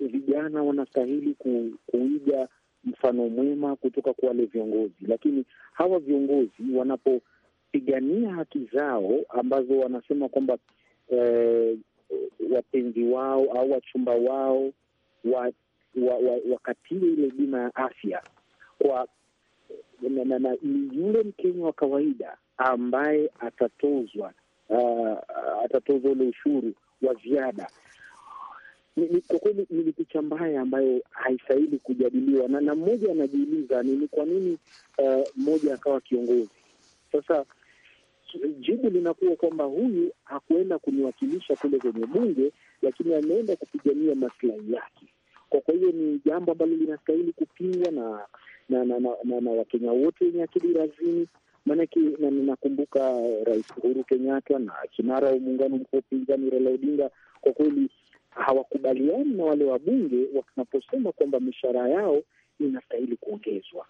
vijana wanastahili ku, kuiga mfano mwema kutoka kwa wale viongozi, lakini hawa viongozi wanapopigania haki zao ambazo wanasema kwamba eh, wapenzi wao au wachumba wao wa, wa, wa, wakatiwe ile bima ya afya kwa na, na, na, ni yule Mkenya wa kawaida ambaye atatozwa uh, atatozwa ule ushuru wa ziada kwa kweli ni picha mbaya ambayo haistahili kujadiliwa, na na mmoja anajiuliza ni kwa nini uh, mmoja akawa kiongozi. Sasa jibu linakuwa kwamba huyu hakuenda kuniwakilisha kule kwenye bunge, lakini ameenda kupigania maslahi yake. Kwa kwa hiyo ni jambo ambalo linastahili kupingwa na na na, na, na, na Wakenya wote wenye akili razini. Maanake nakumbuka Rais Uhuru Kenyatta na kinara wa muungano mkuu wa upinzani Raila Odinga, kwa kweli hawakubaliani na wale wabunge wanaposema kwamba mishahara yao inastahili kuongezwa.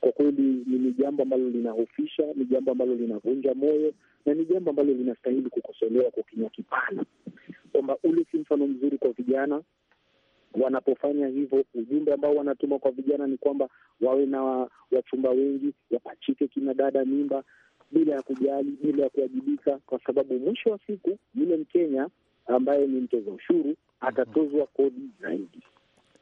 Kwa kweli ni jambo ambalo linahofisha, ni jambo ambalo linavunja moyo na ni jambo ambalo linastahili kukosolewa kwa kinywa kipana, kwamba ule si mfano mzuri kwa vijana wanapofanya hivyo. Ujumbe ambao wanatuma kwa vijana ni kwamba wawe na wachumba wengi, wapachike kina dada mimba bila ya kujali, bila ya kuwajibika, kwa sababu mwisho wa siku yule Mkenya ambaye ni mtoza ushuru atatozwa kodi zaidi.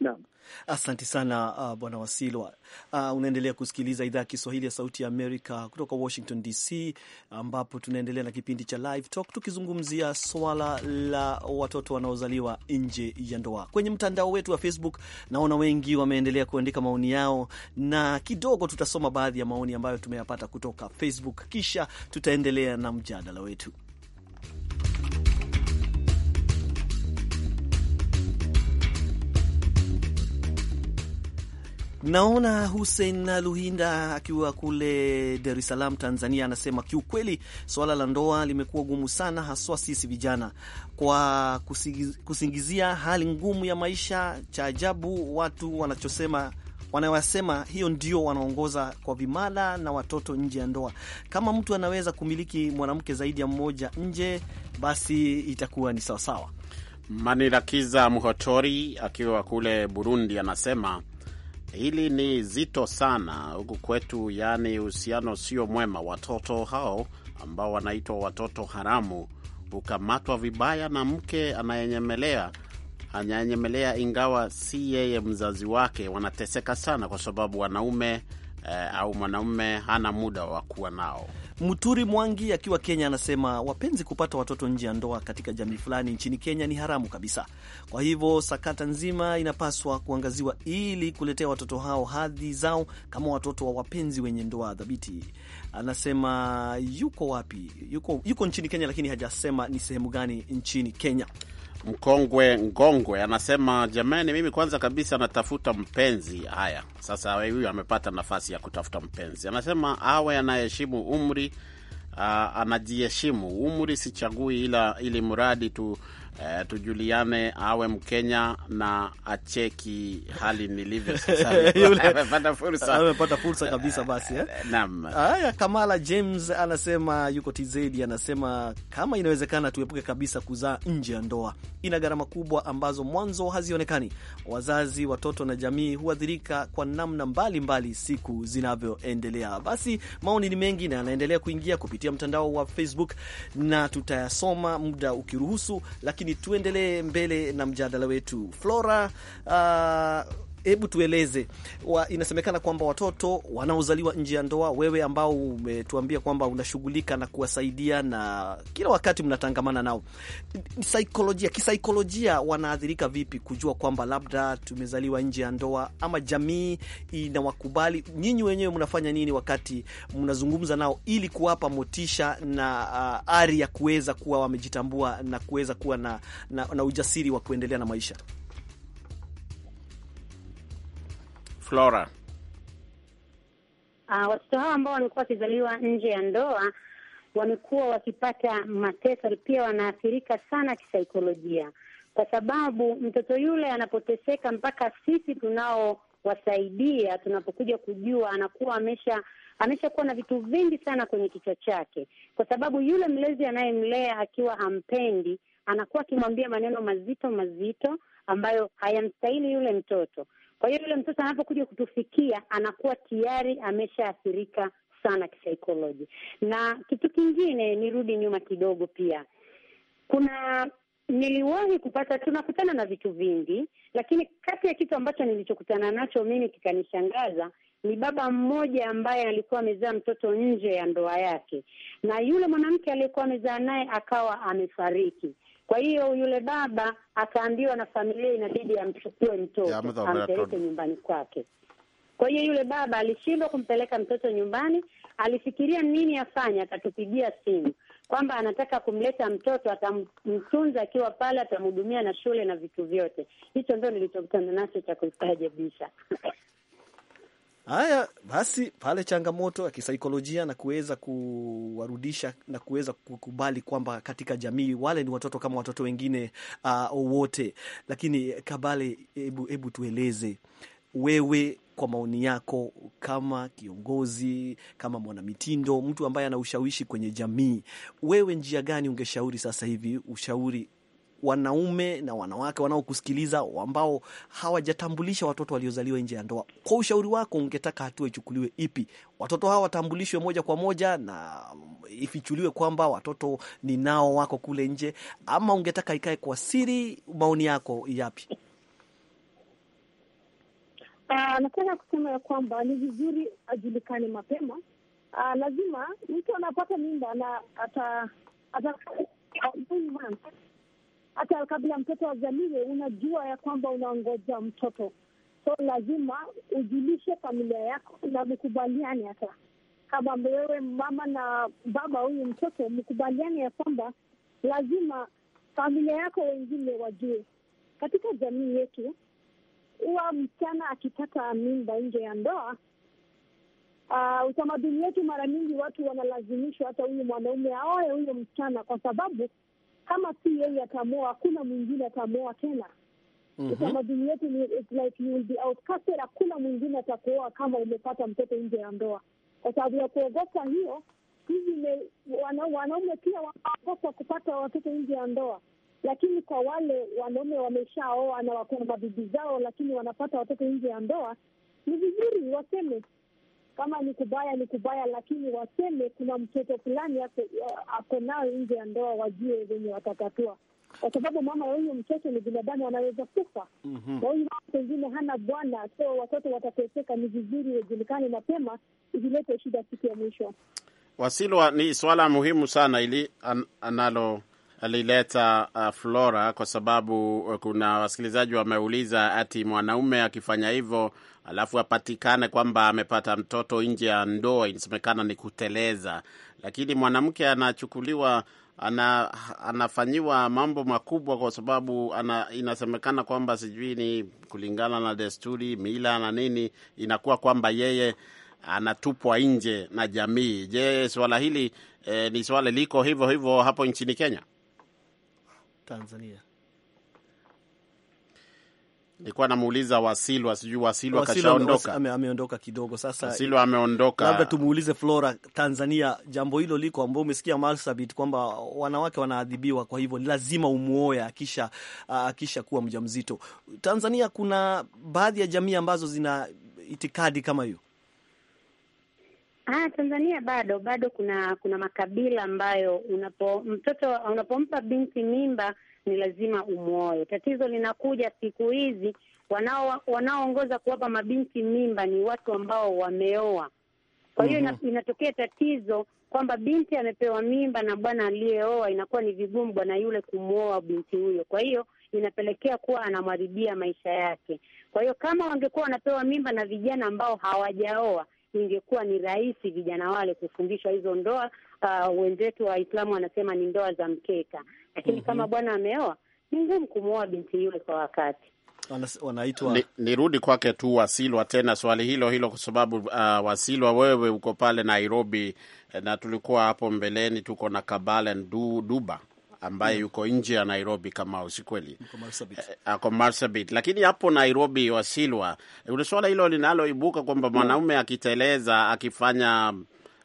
Naam. Asante sana uh, bwana Wasilwa. Uh, unaendelea kusikiliza idhaa ya Kiswahili ya Sauti ya Amerika kutoka Washington DC, ambapo tunaendelea na kipindi cha Live Talk tukizungumzia swala la watoto wanaozaliwa nje ya ndoa. Kwenye mtandao wetu wa Facebook naona wengi wameendelea kuandika maoni yao, na kidogo tutasoma baadhi ya maoni ambayo tumeyapata kutoka Facebook, kisha tutaendelea na mjadala wetu. Naona Hussein Luhinda akiwa kule Dar es Salaam, Tanzania, anasema kiukweli, swala la ndoa limekuwa gumu sana, haswa sisi vijana, kwa kusingizia hali ngumu ya maisha. Cha ajabu watu wanachosema wanayosema hiyo ndio wanaongoza kwa vimada na watoto nje ya ndoa. Kama mtu anaweza kumiliki mwanamke zaidi ya mmoja nje, basi itakuwa ni sawasawa. Manirakiza Mhotori akiwa kule Burundi anasema Hili ni zito sana huku kwetu, yaani uhusiano sio mwema. Watoto hao ambao wanaitwa watoto haramu hukamatwa vibaya na mke anayenyemelea anayenyemelea, ingawa si yeye mzazi wake. Wanateseka sana kwa sababu wanaume eh, au mwanaume hana muda wa kuwa nao. Muturi Mwangi akiwa Kenya anasema wapenzi kupata watoto nje ya ndoa katika jamii fulani nchini Kenya ni haramu kabisa. Kwa hivyo sakata nzima inapaswa kuangaziwa ili kuletea watoto hao hadhi zao kama watoto wa wapenzi wenye ndoa dhabiti. Anasema yuko wapi? Yuko, yuko nchini Kenya, lakini hajasema ni sehemu gani nchini Kenya. Mkongwe Ngongwe anasema jamani, mimi kwanza kabisa natafuta mpenzi. Haya sasa, huyu amepata nafasi ya kutafuta mpenzi. Anasema awe anaheshimu umri, uh, anajiheshimu. Umri sichagui, ila ili mradi tu Eh, tujuliane awe Mkenya na acheki hali nilivyo sasa. Amepata fursa, kabisa. Eh, basi eh? eh Haya, Kamala James anasema yuko TZ, anasema kama inawezekana tuepuke kabisa kuzaa nje ya ndoa. Ina gharama kubwa ambazo mwanzo hazionekani. Wazazi, watoto na jamii huathirika kwa namna mbalimbali mbali siku zinavyoendelea. Basi maoni ni mengi na yanaendelea kuingia kupitia mtandao wa Facebook na tutayasoma muda ukiruhusu, lakini lakini tuendelee mbele na mjadala wetu Flora. Uh, hebu tueleze wa, inasemekana kwamba watoto wanaozaliwa nje ya ndoa, wewe ambao umetuambia kwamba unashughulika na kuwasaidia na kila wakati mnatangamana nao, saikolojia, kisaikolojia wanaathirika vipi kujua kwamba labda tumezaliwa nje ya ndoa ama jamii inawakubali? Nyinyi wenyewe mnafanya nini wakati mnazungumza nao ili kuwapa motisha na uh, ari ya kuweza kuwa wamejitambua na kuweza kuwa na, na, na ujasiri wa kuendelea na maisha? Flora? Uh, watoto hao ambao wamekuwa wakizaliwa nje ya ndoa wamekuwa wakipata mateso, pia wanaathirika sana kisaikolojia, kwa sababu mtoto yule anapoteseka, mpaka sisi tunaowasaidia tunapokuja kujua, anakuwa amesha ameshakuwa na vitu vingi sana kwenye kichwa chake, kwa sababu yule mlezi anayemlea akiwa hampendi, anakuwa akimwambia maneno mazito mazito ambayo hayamstahili yule mtoto. Kwa hiyo yule mtoto anapokuja kutufikia anakuwa tayari ameshaathirika sana kisaikoloji Na kitu kingine, nirudi nyuma kidogo, pia kuna niliwahi kupata, tunakutana na vitu vingi, lakini kati ya kitu ambacho nilichokutana nacho mimi kikanishangaza ni baba mmoja ambaye alikuwa amezaa mtoto nje ya ndoa yake, na yule mwanamke aliyekuwa amezaa naye akawa amefariki. Kwa hiyo yule baba akaambiwa na familia inabidi amchukue mtoto ampeleke nyumbani kwake. Kwa hiyo yule baba alishindwa kumpeleka mtoto nyumbani, alifikiria nini afanye, akatupigia simu kwamba anataka kumleta mtoto, atamtunza akiwa pale, atamhudumia na shule na vitu vyote. Hicho ndio nilichokutana nacho cha kustaajabisha. Haya basi, pale changamoto ya kisaikolojia na kuweza kuwarudisha na kuweza kukubali kwamba katika jamii wale ni watoto kama watoto wengine wowote. Ah, uh, lakini Kabale, hebu hebu tueleze wewe kwa maoni yako kama kiongozi, kama mwanamitindo, mtu ambaye ana ushawishi kwenye jamii, wewe njia gani ungeshauri sasa hivi ushauri wanaume na wanawake wanaokusikiliza ambao hawajatambulisha watoto waliozaliwa nje ya ndoa, kwa ushauri wako, ungetaka hatua ichukuliwe ipi? Watoto hawa watambulishwe moja kwa moja na ifichuliwe kwamba watoto ni nao wako kule nje, ama ungetaka ikae kwa siri? Maoni yako yapi? Uh, ah, nataka kusema ya kwamba ni vizuri ajulikane mapema. Uh, lazima mtu anapata mimba na ata, ata hata kabla mtoto azaliwe, unajua ya kwamba unaongoja mtoto, so lazima ujulishe familia yako na mkubaliane, hata kama wewe mama na baba huyu mtoto, mkubaliane ya kwamba lazima familia yako wengine wajue. Katika jamii yetu huwa msichana akipata mimba nje ya ndoa Uh, utamaduni wetu mara nyingi watu wanalazimishwa, hata huyu mwanaume aoe huyo msichana, kwa sababu kama si yeye atamoa, hakuna mwingine atamoa tena. Mm -hmm. Utamaduni wetu ni like you will be outcasted. Hakuna mwingine atakuoa kama umepata mtoto nje ya ndoa, kwa sababu ya kuogopa hiyo. Hivi wanaume pia wanaogopa kupata watoto nje ya ndoa, lakini kwa wale wanaume wameshaoa na wako na mabibi zao, lakini wanapata watoto nje ya ndoa, ni vizuri waseme kama ni kubaya ni kubaya, lakini waseme kuna mtoto fulani ako nayo nje ya ndoa, wajue wenye watatatua, kwa sababu mama wa huyu mtoto ni binadamu, anaweza kufa mm na huyu mama pengine hana bwana, so watoto watateseka. Ni vizuri wajulikane mapema, ivilete shida siku ya mwisho. Wasilwa, ni swala muhimu sana ili an, analo alileta uh, Flora kwa sababu uh, kuna wasikilizaji wameuliza ati mwanaume akifanya hivyo alafu apatikane kwamba amepata mtoto nje ya ndoa, inasemekana ni kuteleza, lakini mwanamke anachukuliwa ana, anafanyiwa mambo makubwa kwa sababu ana, inasemekana kwamba sijui ni kulingana na desturi, mila na nini, inakuwa kwamba yeye anatupwa nje na jamii. Je, swala hili eh, ni swala liko hivyo hivyo hapo nchini Kenya? Tanzania. Nilikuwa namuuliza Wasilwa, sijui Wasilwa kashaondoka, ameondoka kidogo sasa. Wasilwa ameondoka, labda tumuulize Flora. Tanzania jambo hilo liko, ambao umesikia Marsabit kwamba wanawake wanaadhibiwa, kwa hivyo lazima umuoe akisha, akisha kuwa mjamzito. Tanzania kuna baadhi ya jamii ambazo zina itikadi kama hiyo. Ah, Tanzania bado bado kuna kuna makabila ambayo unapo mtoto unapompa binti mimba ni lazima umwoe. Tatizo linakuja siku hizi, wanao wanaoongoza kuwapa mabinti mimba ni watu ambao wameoa. Kwa hiyo mm-hmm. inatokea tatizo kwamba binti amepewa mimba na bwana aliyeoa, inakuwa ni vigumu bwana yule kumwoa binti huyo, kwa hiyo inapelekea kuwa anamharibia maisha yake. Kwa hiyo kama wangekuwa wanapewa mimba na vijana ambao hawajaoa ingekuwa ni rahisi vijana wale kufundishwa hizo ndoa. Uh, wenzetu Waislamu wanasema ni ndoa za mkeka, lakini mm -hmm. kama bwana ameoa ni ngumu kumwoa binti yule kwa wakati wanaitwa nirudi kwake tu Wasilwa tena swali hilo hilo kwa sababu uh, Wasilwa wewe uko pale Nairobi, eh, na tulikuwa hapo mbeleni tuko na Kabale Duba ambaye yuko nje ya Nairobi kama si eh, eh, ako Marsabit. Lakini hapo Nairobi, Wasilwa, ule swala hilo linaloibuka kwamba mwanaume akiteleza, akifanya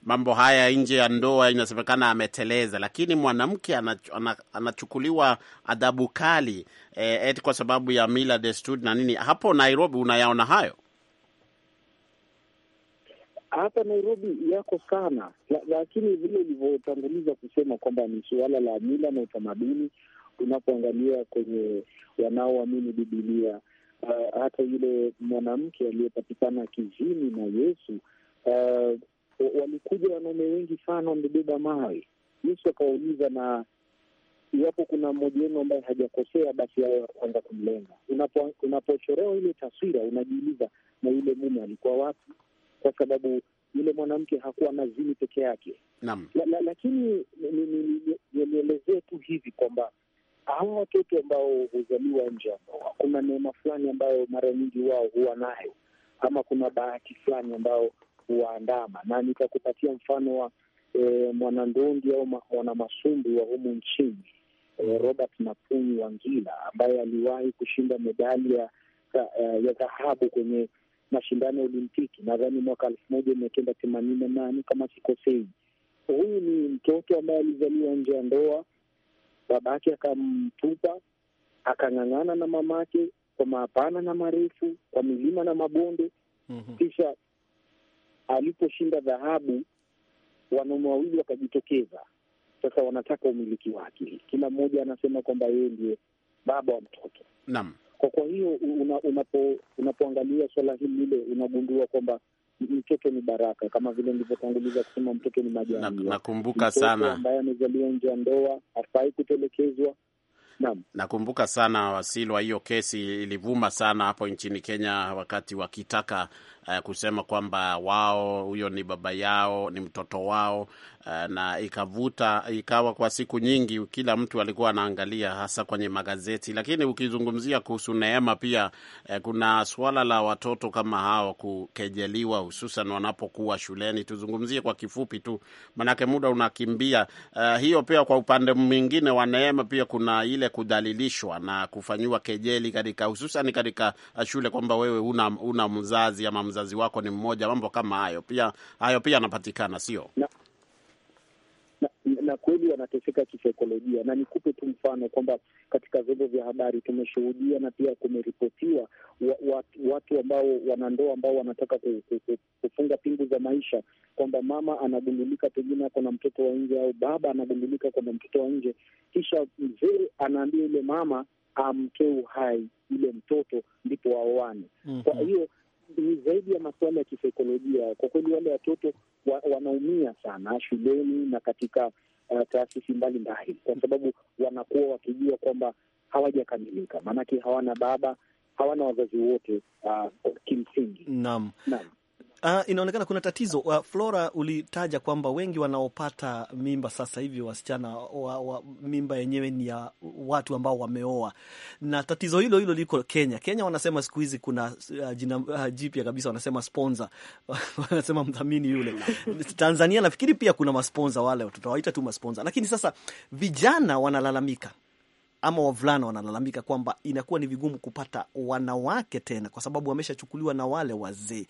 mambo haya nje ya ndoa, inasemekana ameteleza, lakini mwanamke anachukuliwa adhabu kali eh, eti kwa sababu ya mila desturi na nini. Hapo Nairobi unayaona hayo? hapa Nairobi yako sana, lakini vile ilivyotanguliza kusema kwamba ni suala la mila na utamaduni. Unapoangalia kwenye wanaoamini Bibilia, uh, eh, hata yule mwanamke aliyepatikana kizini na Yesu, uh, walikuja wanaume wengi sana wamebeba mawe. Yesu akawauliza, na iwapo kuna mmoja wenu ambaye hajakosea basi awe wa kwanza kumlenga. Unapochorewa ile taswira, unajiuliza na yule mume alikuwa wapi? kwa sababu yule mwanamke hakuwa nazini peke yake. Naam, lakini nielezee tu hivi kwamba hawa watoto ambao huzaliwa nje, kuna neema fulani ambayo mara nyingi wao huwa nayo, ama kuna bahati fulani ambayo huwaandama, na nitakupatia mfano wa e, mwanandongi au mwanamasumbi wa humu nchini e, Robert Napunyi Wangila ambaye aliwahi kushinda medali ya dhahabu kwenye mashindano ya Olimpiki, nadhani mwaka elfu moja mia kenda themanini na nane kama sikosei. Huyu ni mtoto ambaye alizaliwa nje ya ndoa, babake akamtupa, akang'ang'ana na mamake kwa mapana na marefu, kwa milima na mabonde. mm -hmm. Kisha aliposhinda dhahabu, wanaume wawili wakajitokeza sasa, wanataka umiliki wake. Kila mmoja anasema kwamba yeye ndiye baba wa mtoto. Naam. Kwa kwa hiyo una, unapo, unapoangalia swala hili lile unagundua kwamba mtoto ni baraka, kama vile nilivyotanguliza kusema, mtoto ni majani. Nakumbuka na sana ambaye amezaliwa nje ya ndoa hafai kutelekezwa. Nakumbuka sana Wasilwa, hiyo kesi ilivuma sana hapo nchini Kenya wakati wakitaka uh, kusema kwamba wao huyo ni baba yao, ni mtoto wao uh, na ikavuta ikawa kwa siku nyingi kila mtu alikuwa anaangalia hasa kwenye magazeti. Lakini ukizungumzia kuhusu Neema pia uh, kuna suala la watoto kama hao kukejeliwa, hususan wanapokuwa shuleni. Tuzungumzie kwa kifupi tu, manake muda unakimbia. Uh, hiyo pia kwa upande mwingine wa Neema pia kuna ile kudhalilishwa na kufanyiwa kejeli katika hususan katika shule kwamba wewe una, una mzazi ama mzazi mzazi wako ni mmoja, mambo kama hayo pia, hayo pia yanapatikana, sio na, na, na kweli wanateseka kisaikolojia, na nikupe tu mfano kwamba katika vyombo vya habari tumeshuhudia na pia kumeripotiwa wa, wa, watu ambao wanandoa ambao wanataka kufunga pingu za maisha, kwamba mama anagundulika pengine ako na mtoto wa nje au baba anagundulika kwamba mtoto wa nje, kisha mzee anaambia yule mama amtoe uhai yule mtoto ndipo waoane. mm -hmm. Kwa hiyo ni zaidi ya masuala ya kisaikolojia. Kwa kweli wale watoto wa, wanaumia sana shuleni na katika uh, taasisi mbalimbali, kwa sababu wanakuwa wakijua kwamba hawajakamilika, maanake hawana baba, hawana wazazi wote uh, kimsingi. Naam, naam. Uh, inaonekana kuna tatizo uh, Flora, ulitaja kwamba wengi wanaopata mimba sasa hivi wasichana wa, wa, mimba yenyewe ni ya watu ambao wameoa, na tatizo hilo hilo liko Kenya. Kenya wanasema siku hizi kuna uh, jina uh, jipya kabisa, wanasema sponsor wanasema mdhamini yule. Tanzania nafikiri pia kuna masponsa wale, tutawaita tu masponsa, lakini sasa vijana wanalalamika ama wavulana wanalalamika kwamba inakuwa ni vigumu kupata wanawake tena, kwa sababu wameshachukuliwa na wale wazee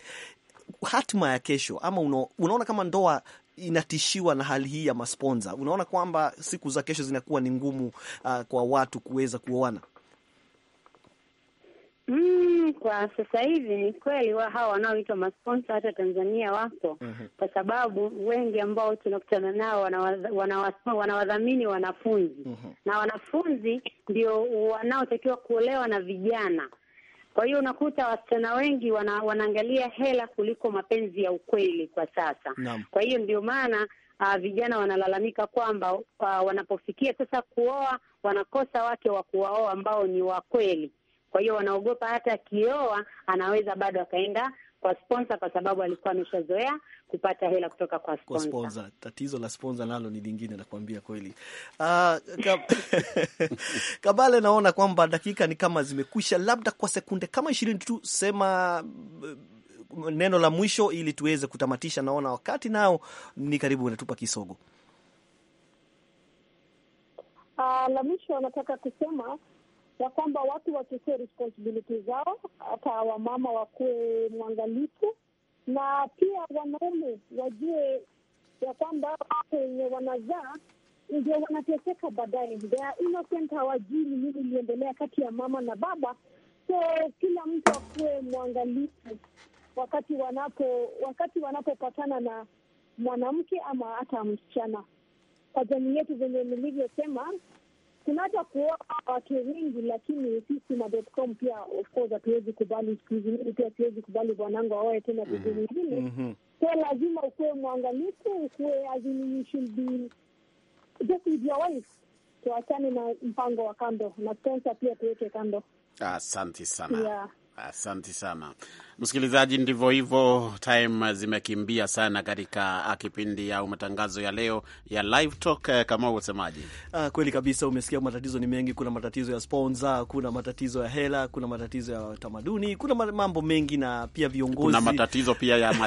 hatima ya kesho ama uno, unaona kama ndoa inatishiwa na hali hii ya masponsa? Unaona kwamba siku za kesho zinakuwa ni ngumu uh, kwa watu kuweza kuoana? Mm, kwa sasa hivi ni kweli wa hawa wanaoitwa masponsa hata Tanzania wako mm -hmm. Kwa sababu wengi ambao tunakutana nao wanawadhamini wanafunzi mm -hmm. Na wanafunzi ndio wanaotakiwa kuolewa na vijana kwa hiyo unakuta wasichana wengi wana, wanaangalia hela kuliko mapenzi ya ukweli kwa sasa Naam. Kwa hiyo ndio maana uh, vijana wanalalamika kwamba uh, wanapofikia sasa kuoa wanakosa wake wa kuwaoa ambao ni wakweli. Kwa hiyo wanaogopa hata akioa anaweza bado akaenda kwa sponsor kwa sababu alikuwa ameshazoea kupata hela kutoka kwa sponsor. Kwa sponsor. Tatizo la sponsor nalo ni lingine, nakwambia kweli. Uh, ah, kab... Kabale, naona kwamba dakika ni kama zimekwisha, labda kwa sekunde kama ishirini tu sema mm, neno la mwisho ili tuweze kutamatisha. Naona wakati nao ni karibu unatupa kisogo. Uh, la mwisho nataka kusema ya kwamba watu wachukue responsibility zao, hata wamama wakuwe mwangalifu, na pia wanaume wajue ya kwamba wenye wanazaa ndio wanateseka baadaye, innocent, hawajui ni nini iliendelea kati ya mama na baba. So kila mtu akuwe mwangalifu wakati wanapo wakati wanapopatana na mwanamke ama hata msichana. Kwa jamii yetu zenye nilivyosema, tunaja kuoa wake wengi, lakini sisi na.com pia of course hatuwezi kubali siku hizi mingi, pia hatuwezi kubali bwanangu aoe tena vitu mhm. nyingine mm -hmm. So lazima ukuwe mwangalifu, ukuwe azini just with your wife, tuachane na mpango wa kando na sponsor pia tuweke kando. Asante sana, asante sana. Msikilizaji, ndivyo hivyo, time zimekimbia sana katika ah, kipindi au matangazo ya leo ya Live Talk. Eh, Kama usemaji, uh, ah, kweli kabisa, umesikia matatizo ni mengi. Kuna matatizo ya sponsa, kuna matatizo ya hela, kuna matatizo ya tamaduni, kuna mambo mengi, na pia viongozi, kuna matatizo pia ya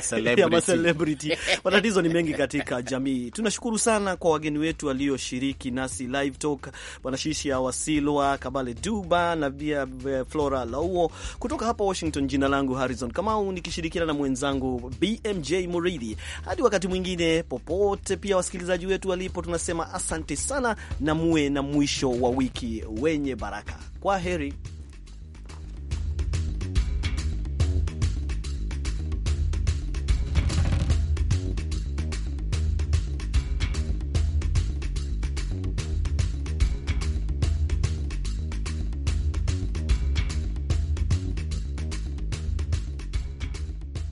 maselebrity matatizo ni mengi katika jamii. Tunashukuru sana kwa wageni wetu walioshiriki nasi Live Talk, Bwana Shishia Wasilwa Kabale Duba na pia eh, Flora Lauo kutoka hapa Washington. Jina langu Haris Harrison Kamau nikishirikiana na mwenzangu BMJ Muridhi. Hadi wakati mwingine popote, pia wasikilizaji wetu walipo, tunasema asante sana na muwe na mwisho wa wiki wenye baraka. Kwa heri.